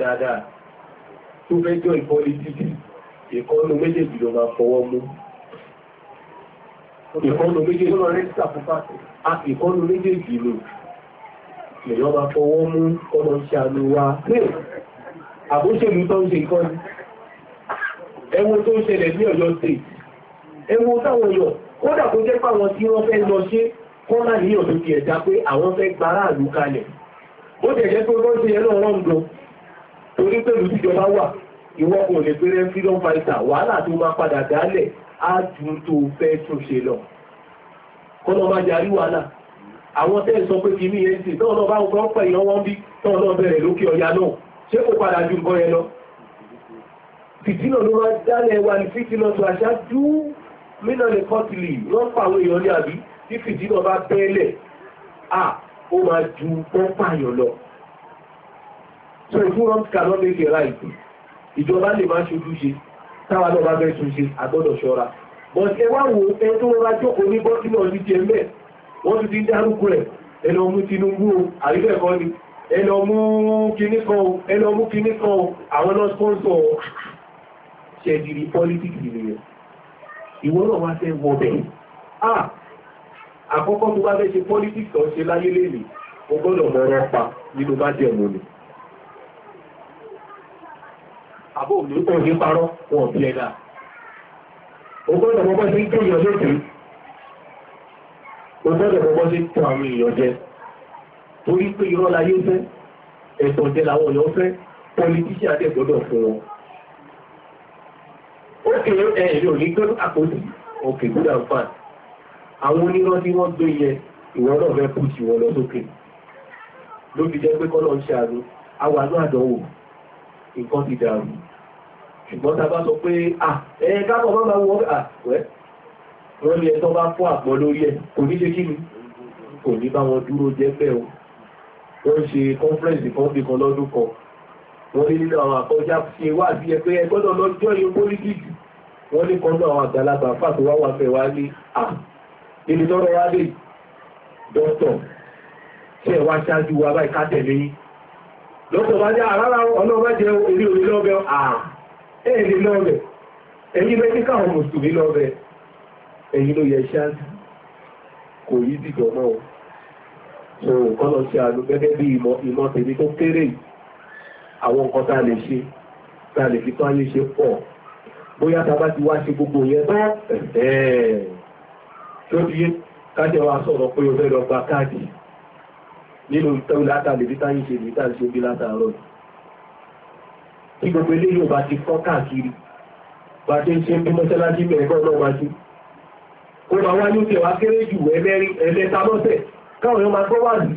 dáadáa tó fẹ́ jọ ìpọ́lítìkì ìkọ́nù méjèèjì ló máa fọwọ́ mú ìkọ́nù méjèèjì ló lèyọ́ máa fọwọ́ mú ọmọ ìṣàlùwà pé àbóṣèlú tó ń ṣe kọ́ ní ẹwọ tó ń ṣẹlẹ̀ ní ọ̀yọ́ sí ẹwọ táwọn yọ kódà kó jẹ́ pàwọn tí wọ́n fẹ́ lọ ṣe kọ́ máa ní ọ̀dọ́ ti ẹ̀dá pé àwọn fẹ́ gbára àlú kalẹ̀ ó jẹ̀jẹ́ pé wọ́n ṣe ẹlọ́ ọ̀rọ̀ ǹdọ́ torí pé lù tíjọba wà ìwọ kò lè péré freedom fighter wàhálà tó máa padà dálẹ̀ á ju tó fẹ́ tún ṣe lọ kọ́nà máa jarí wàhálà àwọn tẹ́ sọ pé kìíní yẹn sì tọ́ọ̀nà bá ń kọ́ pẹ̀yàn bí tọ́ọ̀nà bẹ̀rẹ̀ lókè ọ̀yà náà ṣé kò padà ju nǹkan yẹn lọ fìtínà ló máa dálẹ̀ wa ní fìtínà tó aṣáájú mínà lè kọ́tìlì wọ́n pa àwọn èèyàn ní àbí tí fìtínà bá bẹ́ẹ̀lẹ̀ à ó máa ju pọ́ńpà yàn lọ so if you want cannot make it right ìjọba lè máa ṣojú ṣe táwa náà bá fẹ́ tún ṣe àgbọ́dọ̀ ṣọ́ra but ẹ wá wo ẹ tó rọra jókòó ní bọ́tìlọ̀ ní jẹ́ mẹ́ẹ̀ wọ́n ti ti dárúkọ ẹ̀ ẹ̀ lọ́mú Tinubu àríbẹ̀kọ́ ni ẹlọmú kìníkan àwọn náà sponsor ṣẹ̀dìrì politics nìyẹn ìwọ́n náà wá fẹ́ wọ bẹ̀ ah àkọ́kọ́ tó bá fẹ́ ṣe politics tó ṣe láyé lèlè o gbọ́dọ̀ mọ̀ ọ̀rọ̀ pa nínú bá jẹ́ mọ̀ ni àbò ní òní parọ́ wọn bí ẹ̀dà o gbọ́dọ̀ mọ́ bọ́ sí tó yọ lókè o gbọ́dọ̀ mọ́ bọ́ sí tó àwọn èèyàn jẹ́ torí pé irọ́ la yóò fẹ́ ẹ̀tọ́ jẹ́ làwọn èèyàn fẹ́ pọlitíṣẹ́ àdẹ́gbọ́dọ̀ fún wọn. ó kéré ẹ̀rẹ́ òní gbé àpótí òkè good and fine àwọn onírọ́ tí wọ́n gbé yẹ ìwọ́n náà fẹ́ pùtì wọn lọ sókè ló fi jẹ́ pé kọ́lọ̀ ń ṣàánú àwọn àánú àdánwò nǹkan ti dàrú ṣùgbọ́n ta bá sọ pé à ẹ káàkọ̀ má máa wọ́n à wẹ́ wọ́n ní ẹ̀tọ́ bá fọ́ àpọ̀ lórí ẹ̀ kò ní ṣe kí ni kò ní bá wọn dúró jẹ́ bẹ́ẹ̀ o wọ́n ṣe conference kan bí kan lọ́dún kan wọ́n ní nínú àwọn àkọjá ṣe wá àbí ẹ pé ẹ gbọ́dọ̀ lọ́jọ́ yìí pólítìkì wọ́n ní kan náà àwọn àgbàlagbà fàtó wá wà fẹ́ wá ní à nínú lọ́rọ̀ wá lè dọ́tọ̀ tí ẹ wá ṣáájú wa báyìí ká tẹ̀lé yín lọ́tọ̀ bá jẹ́ àrárá ọlọ́ọ̀bá jẹ́ orí orí lọ́bẹ̀ à ẹ̀ẹ́dẹ̀ lọ́bẹ̀ ẹ̀yìn bẹ́ẹ̀ ní káwọn mùsùlùmí lọ́bẹ̀ ẹ̀yìn ló yẹ ṣáájú kò yí dìjọ náà kọ́lọ̀ ṣe àlú gẹ́gẹ́ bí ìmọ̀ tèmi tó kéré àwọn nǹkan tá lè ṣe tá lè fi tó ayé ṣe pọ̀ bóyá ta bá ti wá ṣe gbogbo yẹn bá ẹ̀ẹ́ tó ti yé kájẹ́ wa sọ̀rọ̀ pé o fẹ́ lọ gba káàdì nínú ìtẹ́wù látàlè bí táyé ṣe lè tá ṣe bí látàárọ̀ kí gbogbo eléyìí ò bá ti fọ́ káàkiri bá ṣe ń ṣe bí mọ́ṣáláṣí mẹ́rin kọ́ náà wájú ó máa wá ní ìtẹ̀wá kéré jù ẹlẹ́ta lọ́sẹ̀ káwọn èèyàn máa gbọ́ wà ní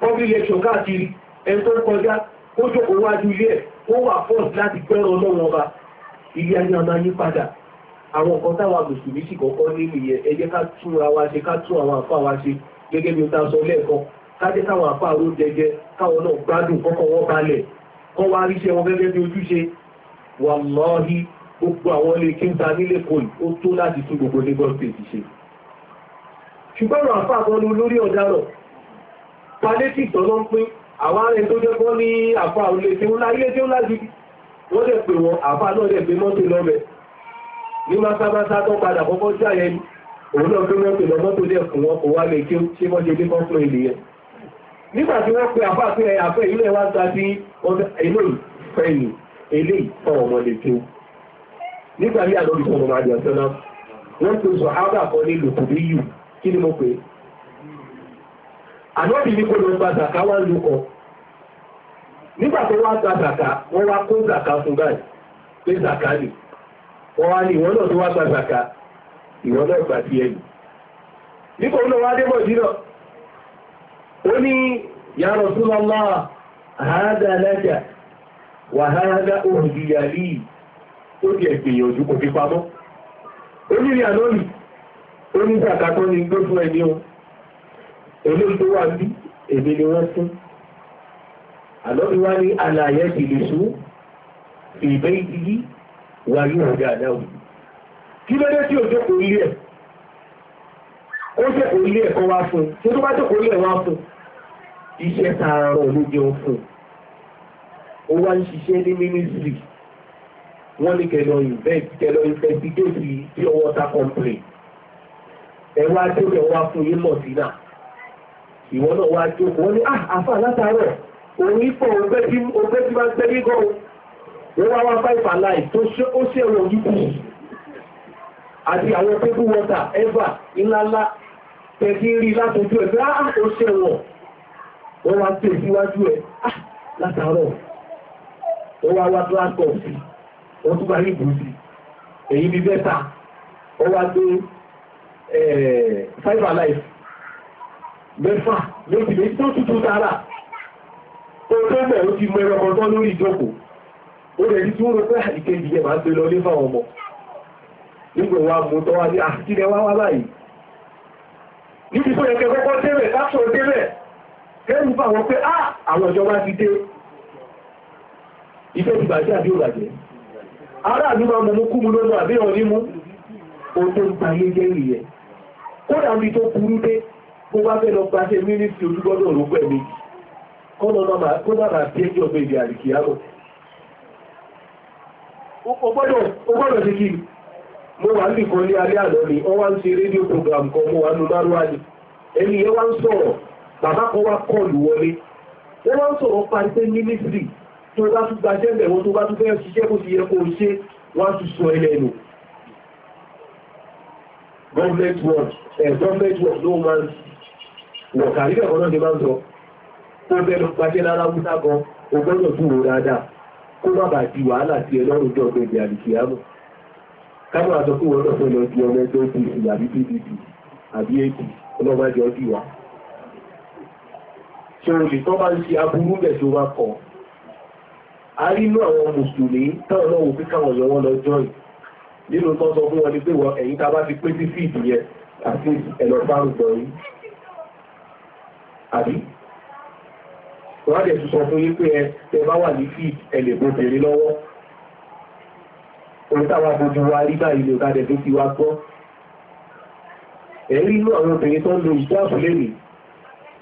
public lecture káàkiri ẹni tó ń kọjá ó jókòó wájú ilé ẹ̀ ó wà force láti pẹ́rọ ọlọ́run ọba ilé ayé ọmọ ayé padà àwọn nǹkan táwa mùsùlùmí sì kọ́kọ́ ní nìyẹn ẹ ká túnra wa ṣe ká tún àwọn àfa wa ṣe gẹ́gẹ́ bí o ta sọ lẹ́ẹ̀kan ká jẹ́ káwọn àfa ró jẹjẹ káwọn náà gbádùn kọ́kọ́ wọn balẹ̀ kọ́ wá ríṣẹ́ wọn gẹ́gẹ́ bí ojúṣe wàlọ́ọ̀hí gbogbo àwọn ilé kí n ta nílé kòlì ó tó láti tún gbogbo Lagos state ṣe ṣùgbọ́n àwọn àfáàbọ́ ní olórí ọ̀daràn palẹ́tì tọ́lọ ń pín àwọn arẹ tó jẹ́gbọ́ ní àfá olè tí ó láyé tí ó lájú wọ́n dẹ̀ pè wọ́n àfá náà dẹ̀ pé mọ́tò lọ́mẹ̀ ní másámásá tó padà kọ́kọ́ jà yẹn òun náà pé mọ́tò lọ mọ́tò dẹ̀ fún wọn kò wá lè kí ṣe mọ́ ṣe ní kọ́kọ́ ilé yẹn nígbà tí wọ́n pe àfá pé àfẹ́ ilé wa gba sí ilé ìfẹ́yìn ilé kí ni mo pè é ànábì ní kó lọ gba zàká wá lu kọ nígbà tó wá gba zàká wọ́n wá kó zàká fún báyìí pé zàká ni wọ́n wá ní ìwọ náà tó wá gba zàká ìwọ náà gbà sí ẹ̀yìn nípa òun náà wá débọ̀ dínà ó ní ya Rasulullah hada laka wa hada òhùn ìyàlí ó di ẹ̀gbìyànjú kò fi pamọ́ ó ní ìrìn oníjàkà tó ní gbé fún ẹni o eléyìí tó wà ní èmi ni wọ́n fún àlọ́bí wá ní alàyè ìlúṣú ìbẹ́ ìdíyí wà ní ọ̀dà àdáwò kí ló dé tí òjò kò ilé ẹ̀ ó jẹ́ kò ilé ẹ̀kọ́ wá fún tí tó bá jẹ́ kò ilé ẹ̀ wá fún iṣẹ́ tààrà ló jẹun fún ó wá ń ṣiṣẹ́ ní mínísírì wọ́n ní kẹlọ ìbẹ́ kẹlọ ìfẹ́sígéètì tí ọwọ́ ta complain ẹ wá jókòó wá fún yín mọ̀ sí náà ìwọ náà wá jókòó wọ́n ní ah, àfà látàárọ̀ òun ipò ọgbẹ́ tí máa ń tẹ́ gígọ́ wọ́n wá wá five alive tó ṣe ó ṣe ẹ̀rọ yìí kù àti àwọn pépú wọ́tà ẹ́fà ńláńlá tẹ̀sí rí látọjú ẹ̀ pé á ah, ó ṣe ẹ̀wọ̀ wọ́n wá tẹ̀ síwájú ẹ̀ á ah, látàárọ̀ wọ́n wá wá glasgow sí wọ́n tún bá rí ìbùsì èyí bí bẹ́tà wọ́n wá gbé fiber life mẹ́fà méjì méjì tó tuntun sára tó tó bẹ̀ ó ti mọ ẹranko tán lórí ìjókòó ó lè rí tí ó rò pé ah, ìkejì yẹn máa ń gbé lọ ní fáwọn ọmọ nígbà wa mú tọ́wá ní àkílẹ̀ ah, wá wá báyìí níbi tó yẹ kẹ́kọ́kọ́ débẹ̀ káṣọ débẹ̀ kẹ́rù bá wọn pé ah, àwọn ìjọba ti dé ìfẹ́ ti bàjẹ́ àbí òbàjẹ́ aráàlú máa mú kú mu lónà àbí ọ̀ nímú ohun tó ń pa ayé jẹ́ ìyẹn kódà mi tó burú dé kó wá fẹ́ lọ gba ṣe mínísítì ojúgbọ́dọ̀ ló pẹ̀ mi kó náà máa bí ẹjọ́ pé àríkì yàrá gbọ́dọ̀ kí mo wà program kan mo wà nù márùwá ni ẹni yẹn wá ń sọ̀rọ̀ bàbá kan wá kọlù wọlé wọ́n wá ń sọ̀rọ̀ pàṣẹ mínísítì tó bá tún mẹ́wọ́n tó bá tún fẹ́ ṣiṣẹ́ bó ti yẹ government work eh, government work no man's work àríkẹ́ ọ̀kan náà ti máa ń sọ kó bẹ́ẹ̀ lọ pàṣẹ lára wúta kan o gbọ́dọ̀ tún wò dáadáa kó má bàa di wàhálà sí ẹ lọ́rùn jọ gbẹ̀gbẹ̀ àdìsíyàmù káwọn àjọ kó wọn náà fẹ́ lọ di ọmọ ẹgbẹ́ apc àbí pdp àbí apc ọlọ́mọ jọ dì wá tí o lè tọ́ bá ń ṣe aburú bẹ̀ tí ó bá kọ̀ a rí inú àwọn mùsùlùmí táwọn náà wò pé káwọn yọ wọn lọ jọ́yìn nínú tó sọ fún wọn ni pé wọ ẹ̀yìn tá bá ti pé sí fíìdì yẹn àti ẹ̀lọ́ fárúgbọ̀n yìí àbí wọ́n á dẹ̀ tún sọ fún yín pé ẹ tẹ bá wà ní fíìdì ẹ lè bóbìnrin lọ́wọ́ ohun táwa gbogbo wa rí báyìí lè ká dẹ̀ tó ti wá gbọ́ ẹ̀rí inú àwọn obìnrin tó ń lo ìjáàbù lẹ́nìí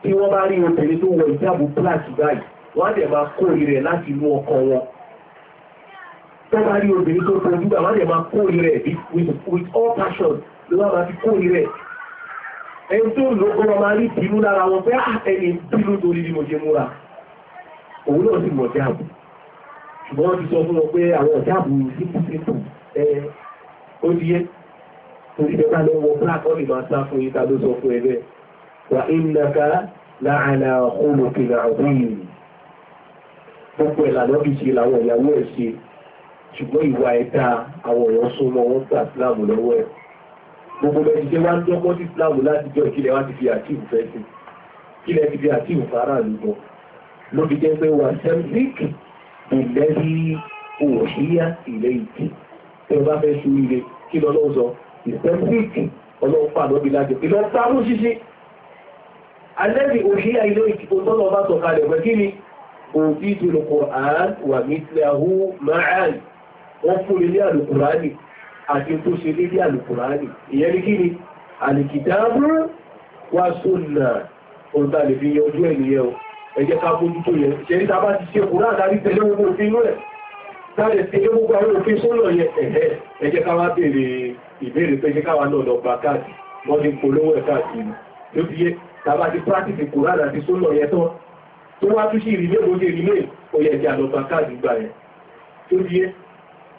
tí wọ́n bá rí obìnrin tó wọ ìjáàbù pláàtì báyìí wọ́n á dẹ̀ máa kórìí rẹ̀ láti inú ọkọ wọn tọ́ba rí obìnrin tó fojú bá wọ́n lè máa kó rẹ̀ with all passion ló wá máa fi kó rẹ̀ ẹni tó lò ó máa rí bínú lára wọn pé ah, ẹni bínú torí bí mo ṣe múra òun náà sì mọ̀ jáàbù ṣùgbọ́n wọ́n ti sọ fún wọn pé àwọn jáàbù sípò sípò ẹ ó ti yé torí bẹ́ẹ̀ bá lọ wọ black wọ́n lè máa sá fún yín ta ló sọ fún ẹ bẹ́ẹ̀ wà ìnàkà láàlà olùkìlà ọ̀gbìn gbogbo ẹ̀ lànà bí ṣe làwọn ìyàwó ẹ̀ ṣe ṣùgbọ́n ìwà ẹ̀dá àwọn èèyàn súnmọ́ wọn gba islam lọ́wọ́ ẹ̀ gbogbo mẹ́jìṣẹ́ wá ń dọ́gbọ́n sí islam láti jọ ìkílẹ̀ wá ti fi àtìwù fẹ́ sí kílẹ̀ ti fi àtìwù fara lùgbọ́ ló fi jẹ́ pé wà sẹ́mzik ìlẹ́rí òṣìyá ilé ìdí tẹ́ bá fẹ́ ṣú ilé kí lọ lọ́wọ́ sọ ìsẹ́mzik ọlọ́run pàdán bí láti pé lọ ṣíṣe alẹ́rí òṣìyá ilé ìdí tó tọ́lọ́ bá sọ̀kalẹ̀ pẹ́ kí ni òbí tó lọ Qur'an wà mí wọ́n fún ilé àlùkùránì àti tó ṣe lédé àlùkùránì ìyẹn ní kíni àlìkìdáàbù wá sónà ohun tá lè fi yẹ ojú ẹ̀nìyẹ o ẹ jẹ́ ká bójú tó yẹ ṣe ní tàbá ti ṣe kùrá àdárí tẹ̀lé gbogbo òfin inú ẹ̀ táàlẹ̀ tẹ̀lé gbogbo àwọn òfin sónà yẹ ẹ̀hẹ́ ẹ jẹ́ ká wá béèrè ìbéèrè pé ṣe káwa náà lọ gba káàdì wọ́n ti polówó ẹ̀ káàkiri tó wá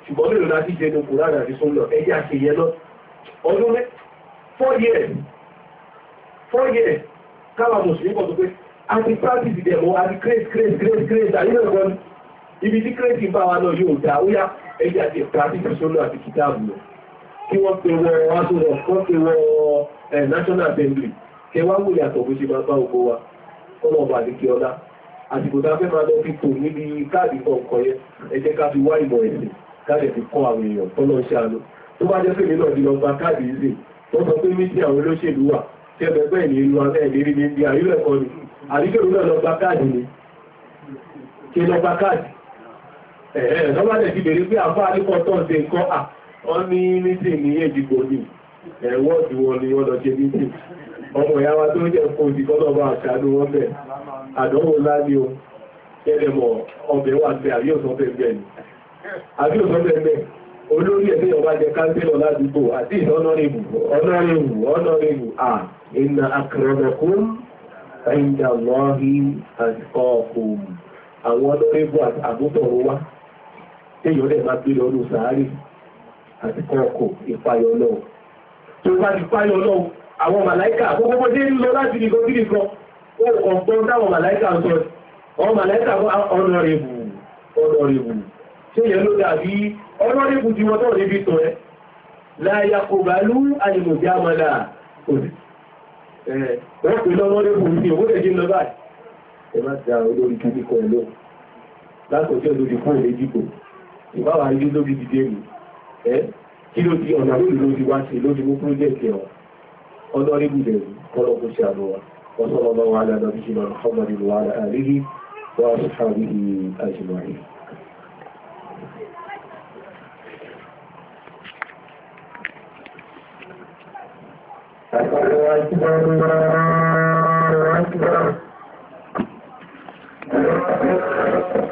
ṣùgbọ́n mélòó la ti jẹ ní kùránà àti sọ́nà ẹ̀yẹ́ àti ìyẹn náà ọdún mẹ́ four years four mùsùlùmí pọ̀ tó pé a ti practice dem o a ti grace grace grace grace àyè náà gan ibi tí grace ń bá wa náà yóò dá ó yá ẹ̀yẹ́ àti practice sọ́nà àti kìtàbù lọ kí national assembly kẹ wá wò yàtọ̀ bó ṣe máa bá ogbó wa kọ́nà ọba àdìkẹ́ ọlá àsìkò tá a fẹ́ máa lọ fi tò níbi káàdì káàdì fi kọ́ àwọn èèyàn tó lọ àánú tó bá jẹ́ pé mi náà di gba káàdì tó sọ pé mí tí àwọn olóṣèlú wà tí ẹgbẹ́ bẹ́ẹ̀ ní inú alẹ́ ìlérí ní ibi àyílò ẹ̀kọ́ ni náà káàdì ni kí lọ káàdì ẹ̀ẹ́ pé ni wọn ni wọ́n lọ ṣe ọmọ ìyá wa tó jẹ́ fún àbí òfẹ́fẹ́fẹ́ olórí ẹgbẹ́ ọba jẹ káńtẹ́lọ̀ ládùúgbò àti ìdánọ́rìnwù ọ̀nọ́rìnwù ọ̀nọ́rìnwù à ìnà àkàrọ̀mọ̀kún ẹ̀yìndà lọ́hí àkọ́kùn àwọn ọ̀nọ́rìnwù àbútọ̀ wa téèyàn lè máa gbé lọ lọ sàárè àti kọ́ọ̀kọ̀ ìpayọ̀ náà tó bá ti páyọ̀ náà àwọn màláìkà àkọ́kọ́ bó dé ń lọ láti nìkan sí nìkan ó ọ̀gbọ́n táwọn màláìkà ń sọ ọ̀nà rẹ̀ bù ọ̀nà rẹ̀ bù ṣe yẹ ló dàbí ọ̀nà nípù tí wọ́n tọ́rọ níbi tọ́ ẹ láyà kò bá lú àyìnbòjá mọ́lá wọ́n pè lọ́wọ́ nípù tí owó tẹ́jì lọ báyìí ẹ má ti àwọn olórí kí kíkọ ẹ̀ lóhùn látọ̀jọ́ lórí ìbáwà ilé lórí dìde mi ẹ kí ló di ọ̀nà lórí lórí wá sí lórí mú púrójẹ́kì ọ̀ ọ̀nà nípù dẹ̀ kọ́lọ̀ kó ṣe àlọ́wà وصلى الله على الله أكبر الله أكبر